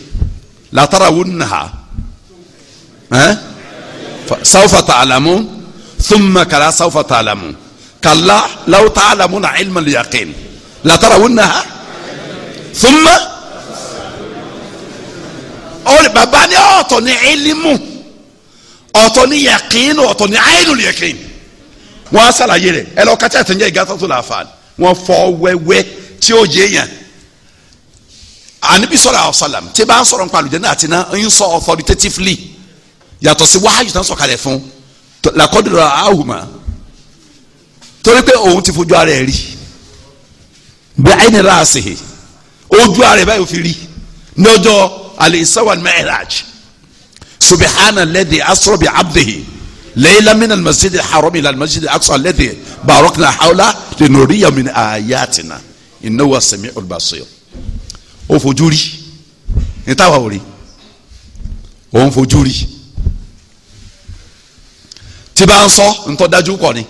latara wo nà ha ẹ sawfa ta'lamu thumma kala sawfa ta'lamu kala law ta'lamuna ilma al-yaqin latara wo nà ha thumma ọ̀rẹ́ baba ni ni ilimu ọ̀tọ̀ ni yaqin ọ̀tọ̀ ni ainul yaqin wọ́n á ṣàlàyé rẹ̀ ẹ lọ kátà tó ń jẹ́ ìgátọ́ tó làáfà wọ́n fọ́ wẹ́wẹ́ tí ó yé yàn ànibi sọ̀rọ̀ àwòsàlám tí bá ń sọ̀rọ̀ nípa àlùjànnà àti iná ń sọ authoritatively yàtọ̀ sí wáhàyù tán sọ̀kalẹ̀ fún làkọ́dúrà àhùmá torí pé òun ti fojú ara ẹ̀ rí bí àyìnì rà àṣehè ojú ara ẹ̀ báyìí òfin rí lọ́jọ́ al-Isra wal-Mi'raj subhana alladhi asra bi abdihi. ليلة من المسجد الحرام إلى المسجد الأقصى الذي باركنا حوله لنري من آياتنا إنه السميع البصير ó fojú rí ní táwa ò rí ó ń fojú rí tí bá ń sọ ntọ́ dájú kọ ni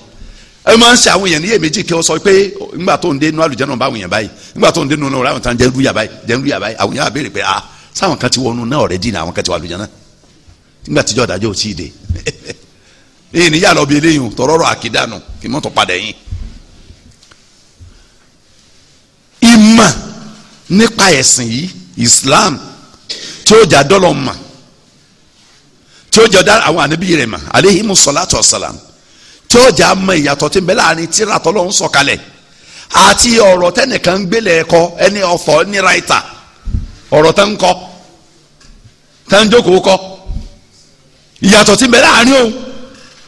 ẹ máa ń ṣe àwọn èèyàn ní èméjì kí wọ́n sọ pé nígbà tó ń dé inú àlùjẹ́ náà bá àwọn èèyàn báyìí nígbà tó ń dé inú náà ráwọn tán jẹ́ ńlú yà báyìí jẹ́ ńlú yà báyìí àwọn èèyàn àbẹ̀rẹ̀ pé ah sáwọn kan ti wọnú náà ọ̀rẹ́dì náà àwọn kan ti wà àlùjẹ́ náà nígbà tíjọ́ ìdájọ́ ò tí [LAUGHS] èyí ya lọ bí eléyìí o tọrọrọ àkídànù kì í mọ̀tò padà yín. ìmọ̀ nípa ẹ̀sìn yìí Islam tí ó jà dọ́lọ̀ mọ̀ tí ó jà dá àwọn ànábì rẹ̀ mọ̀ alayhimu salatu wassalam tí ó jà mọ̀ ìyàtọ̀ tí ń bẹ láàrin tíra tọ́lọ́hún sọ̀kalẹ̀ àti ọ̀rọ̀ tẹ́nìkan ń gbélé ẹ̀kọ́ ẹni ọ̀fọ̀ ẹni ráìtà ọ̀rọ̀ tẹ́ ń kọ́ tẹ́ ń jókòó kọ́ ìyàtọ̀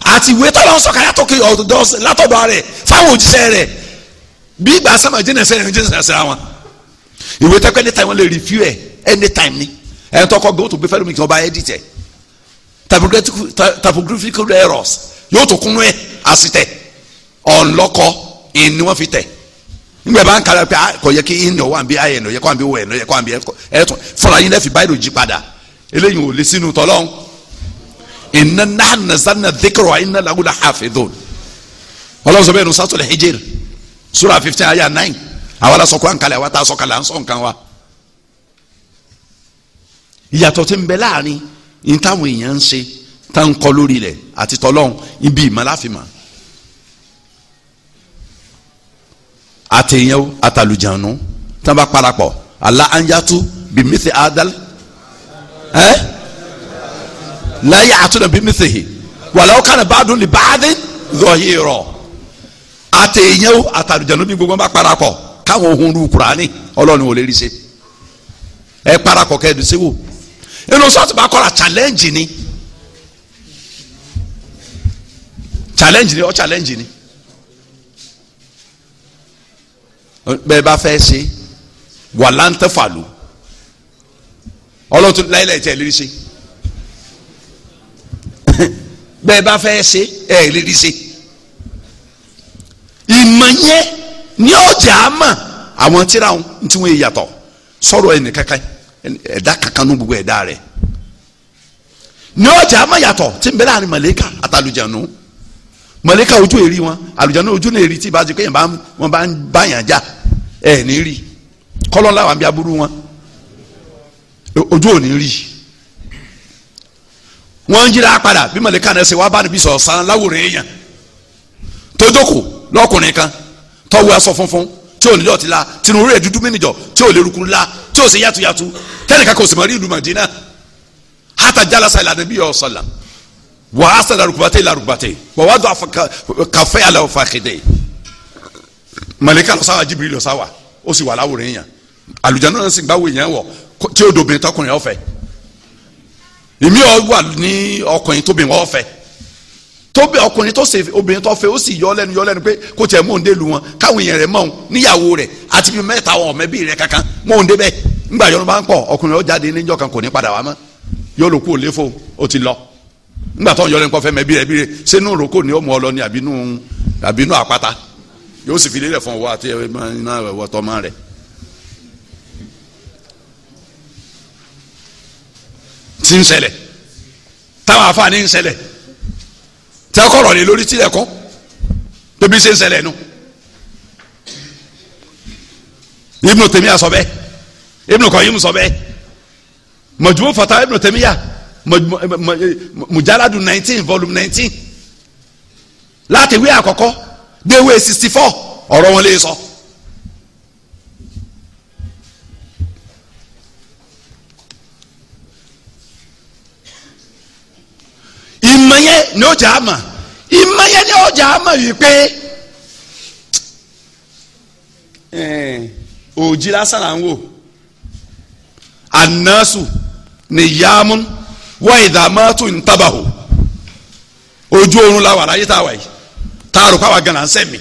àti ìwé tọ́lọ́ ń sọ̀kà látòkè ọ̀dọ́ látọ̀dọ̀ rẹ̀ fáwọn òjíṣẹ́ rẹ̀ bí ìgbà sábà jìnnà sẹ́yìn ní jìnnà sẹ́yìn wọn ìwé tẹ́kọ̀ anytime wọn lè review ẹ̀ anytime ni ẹ̀ tọkọ gbé òtò gbé fẹ́lẹ́ mi kí wọ́n bá edit ẹ̀ typographical errors yóò tó kúnú ẹ̀ àsìtẹ̀ ọ̀nlọ́kọ ìn ni wọ́n fi tẹ̀ ngbẹ bá ń kala pé ah, kò yẹ kí in ní ọwọ́ àbí ayé ní ọyẹ kó àbí wọ ẹ̀ ní ọyẹ kó àbí ẹ̀ tún fúnra yín lẹ́fì báyìí ló jí padà eléyìí ò lè sínú tọ́lọ́hún inna nahnu nazzalna dhikra wa inna lahu lahafidhun ọlọ́run sọ bẹ́ẹ̀ ní sátọ̀ hijir sura fifteen aya nine àwa la sọ kó àǹkalẹ̀ àwa tá a sọ kalẹ̀ à ń sọ nǹkan wa. ìyàtọ̀ tí ń bẹ láàrin ní táwọn èèyàn ń ṣe tá ń kọ lórí rẹ̀ àti tọ́lọ́hún ibi ìmọ̀láfìmọ̀ àtẹ̀yẹ̀wò àtàlùjànú tá a bá parapọ̀ àlà anjatu bimithli adal ẹ́. Eh? láyé àtúnà bí mi sèhì wàlẹ́ ọ̀kan bàdùn ní bàdín lọ́yẹ̀ rọ̀ àtẹ̀yẹ́ o àtàlùjẹ̀nu bí gbogbo bá parakọ̀ káwọn ohun ru kurani ọlọ́run ò lè rí ṣe ẹ parakọ̀ kẹ́ẹ̀dù sí wò inú sọ́ọ̀tù bá kọ́ra challenge ni challenge ni ọ challenge ni bẹ́ẹ̀ bá fẹ́ ṣe wàlántẹ́fàlù ọlọ́run tó láyé lẹ́yìn tẹ̀ lè rí ṣe. [COUGHS] bẹ́ẹ̀ bá fẹ́ ṣe ẹ̀ rírí ṣe ìmọ̀ yẹn ní ọjà á mọ̀ àwọn tíra ń tí wọ́n yàtọ̀ sọ̀rọ̀ ẹnì kankan ẹ̀dá kankan ní gbogbo ẹ̀dá rẹ̀ ní ọjà á mọ̀ yàtọ̀ tí ń bẹ láàrin màlẹ́kà àtàlùjànú màlẹ́kà ojú èrí wọn àlùjànú ojú náà èrí tí ìbá ti kéèyàn wọn bá ń báyàn já ẹ̀ ní rí kọ́lọ́ńlá wà ń aburú wọn ojú ò ní rí wọ́n ń yíra padà bí mọ̀lẹ́ka náà ṣe wá bá níbi sọ̀rọ̀ sàn láwòrán èèyàn tó jókòó lọ́kùnrin kan tọ́wọ́ aṣọ funfun tí ò níjọ́ ti la tinú rẹ̀ dúdú mínìjọ́ tí ò lérúkú la tí ò ṣe yàtúyàtú tẹ́nìkan kò sì mọ̀ rí ìlú Mádínà hata jalasa ìlànà bí yọ̀ sọ̀là wà á sàdà rúkúbàtẹ́ ìlà rúkúbàtẹ́ wà wá dùn kàfẹ́ àlà òfà kéde mọ̀lẹ́ka lọ́sàwà Jibril lọ́sàwà ó sì wà láwòrán èèyàn àlùjáná náà sì gbáwò èèyàn wọ̀ tí ó dòbin tọkùnrin ọ̀fẹ́ èmi ọ wà ní ọkùnrin tóbi wọn fẹ́ tóbi ọkùnrin tó ṣe obìnrin tó fẹ́ ó sì yọ lẹ́nu yọ lẹ́nu pé kó tiẹ̀ mò ń dé lu wọn káwọn èèyàn rẹ̀ mọ̀ ọ́n níyàwó rẹ̀ àti bí mẹ́ta wọn ọ̀mẹ́bí rẹ̀ kankan mò ń dé bẹ́ẹ̀ ńgbà yọnu bá ń pọ̀ ọkùnrin ó jáde níjọ́ kan kò ní padà wá mọ́ yóò lò kú òléfò ó ti lọ ńgbà tó ń yọ lẹ́nu kọ́ fẹ́ mẹ́bí rẹ̀ bí rẹ̀ sínú ni ó mú ọ lọ ní àbínú àbínú àpáta yóò sì fi lélẹ̀ tí ń ṣẹlẹ̀ táwọn àfààní ń ṣẹlẹ̀ tí a kọ̀rọ̀ lé lórí tilẹ̀ kọ́ bébí ṣe ń ṣẹlẹ̀ nu Ibnu Temiya sọ bẹ́ẹ̀ Ibnu Qayyim sọ bẹ́ẹ̀ Majmu' Fatawa Ibnu Temiya mujaladu nineteen volume nineteen láti ìwé àkọ́kọ́ dé ìwé sixty four ọ̀rọ̀ wọn lè sọ. So yẹn ni ó jà á mà ìmọ̀ yẹn ni ó jà á mà wípé òjì lásán là ń wò ànásù ni yaamun wá ìdààmọ́tò ìntàbàhò ojú oorun la wà láyé tá a wà yìí tá a rò káwa gan la ń sẹ́mi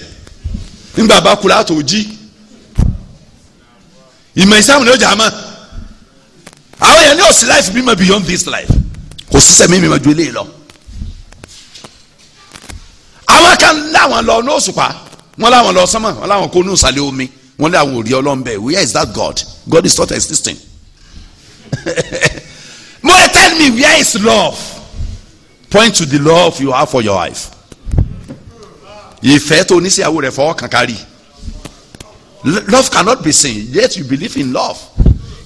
nígbà bá kula tó jí ìmọ̀ ìsáàmù ni ó jà á mọ̀ àwọn yẹn ní òsì life mímọ̀ beyond this life kò sí sẹ́mi mímọ̀ ju eléyìí lọ. láwọn lọ ní wọn láwọn lọ sánmà wọn láwọn kó ní omi wọn láwọn ò rí Ọlọ́run bẹ́ẹ̀ where is that God God is not existing [LAUGHS] mo tell me where is love point to the love you have for your wife ìfẹ́ tó oníṣẹ́yàwó rẹ̀ fọwọ́ kankan rí love cannot be seen yet you believe in love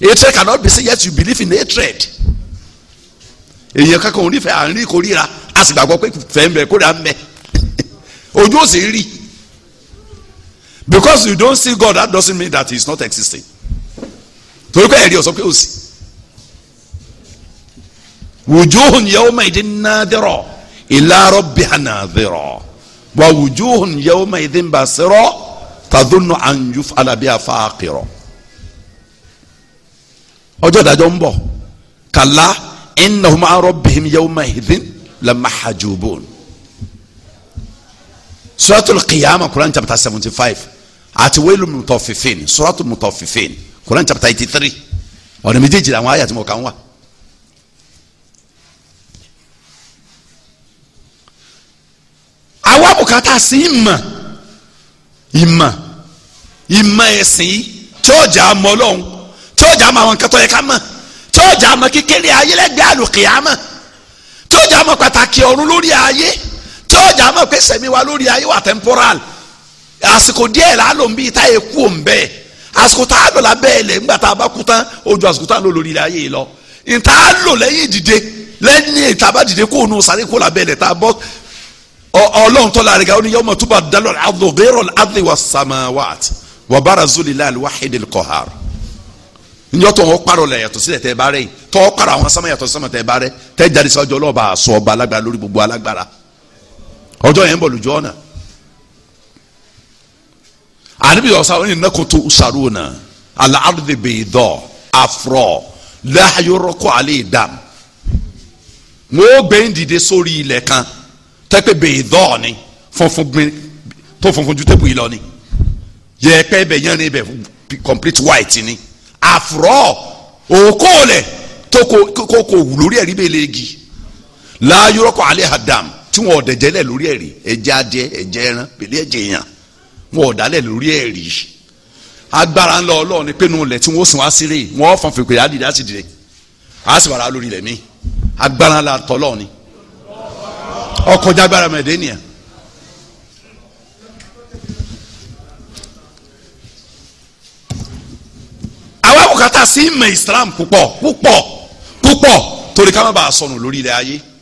hatred cannot be seen yet you believe in hatred èèyàn kankan ò nífẹ̀ẹ́ à ń rí kórìíra a sì gbàgbọ́ pé fẹ́ ń bẹ kórìíra ń bẹ [LAUGHS] ojú ò sì rí because you don't see God that doesn't mean that he is not existing torí pé ẹ̀rí ọ̀sọ́ pé ó sì wujuhun yawma idin nadira ila rabbiha nadira wa wujuhun yawma idin basira tadhunnu an yuf'ala biha faqira ọjọ́ ìdájọ́ ń bọ̀ kàlá innahum an rabbihim yawma idin lamahjubun suratul qiyama quran chapter seventy five àti wailu mutọfifin suratul mutọfifin quran chapter eighty three ọ̀nà méjèèjì làwọn àyà tí mo kà ń wà. àwa bùkátà sí ìmọ̀ ìmọ̀ ìmọ̀ ẹ̀sìn yìí tí ọjà mọ ọlọ́run tí ọjà mọ àwọn kẹtọ́ yẹ ká mọ̀ tí ọjà kékeré ayé lẹ́gbẹ̀ẹ́ àlùkìyàmọ̀ tí ọjà pàtàkì ọ̀run lórí ayé tí ọjà mọ̀ pé sẹ̀mí wa lórí ayé wa temporal àsìkò díẹ̀ là á lò ń bí táyé kú òun bẹ́ẹ̀ àsìkò tá a lò lábẹ́ ẹ̀ lẹ̀ ńgbà tá a bá kú tán ojú àsìkò tá a lò lórí ayé lọ ìta á lò lẹ́yìn ìdìde lẹ́yìn ìta bá dìde kó òun sáré kó làbẹ́ ẹ̀ tá a bọ́ ọlọ́run tó lára ga ó ní yawma tubaddalu al-ardu ghayra al-ardi was-samawat wa barazu lillahi al-wahid al-qahhar njọ́ tó wọ́n parọ́ lẹ̀ yàtọ̀ sílẹ̀ tẹ́ bá rẹ̀ yìí tọ́ parọ́ àwọn sámà yàtọ̀ sámà tẹ́ bá rẹ̀ tẹ́ jáde sọ́jọ́ ọlọ́ọ̀bà sọ ọba alágbára lórí gbogbo alágbára ọjọ́ yẹn ń bọ̀ lójú ọ̀nà àníbi ọ̀sán ọ̀nà ìnákòtò ṣàrò náà àlà àdùdìbè ìdọ̀ àfúrọ̀ láàyòrọ́kọ̀ àlẹ́ ìdàm wọn ó gbé dìde sórí ilẹ̀ kan tẹ́pẹ́ bè ìdọ̀ ni funfun gbin tó funfun ju tẹ́pù yìí lọ ni yẹ̀ẹ́pẹ́ bẹ̀ yẹn ni bẹ̀ complete white ni àfúrọ̀ òkò lẹ̀ tó kò kò wù lórí ẹ̀rí bẹ́ẹ̀ lẹ́gì láàyòrọ́kọ̀ àlẹ́ àdàm tí wọn ọ̀dẹ̀ jẹ́lẹ̀ lórí ẹ̀rí ẹ̀jẹ̀ adìẹ ẹ̀jẹ̀ ẹran pèlè ẹ̀jẹ̀ èèyàn wọn ọ̀dálẹ̀ lórí ẹ̀rí agbára ńlọ ọlọ́ọ̀ni pinnu ilẹ̀ tí wọ́n sùn wá sílẹ̀ wọ́n fọn fèpè àdìdá sì dìde á sì wàrà lórí ilẹ̀ mi agbára ńlá tọ́lọ́ọ̀ni ọkọjá agbára mẹ́ẹ̀dẹ́ nìyẹn. àwa bùkátà sí ìmọ̀ Islam púpọ̀ púpọ̀ púpọ̀ torí ká má bàa sọnù lórí ilẹ̀ ayé.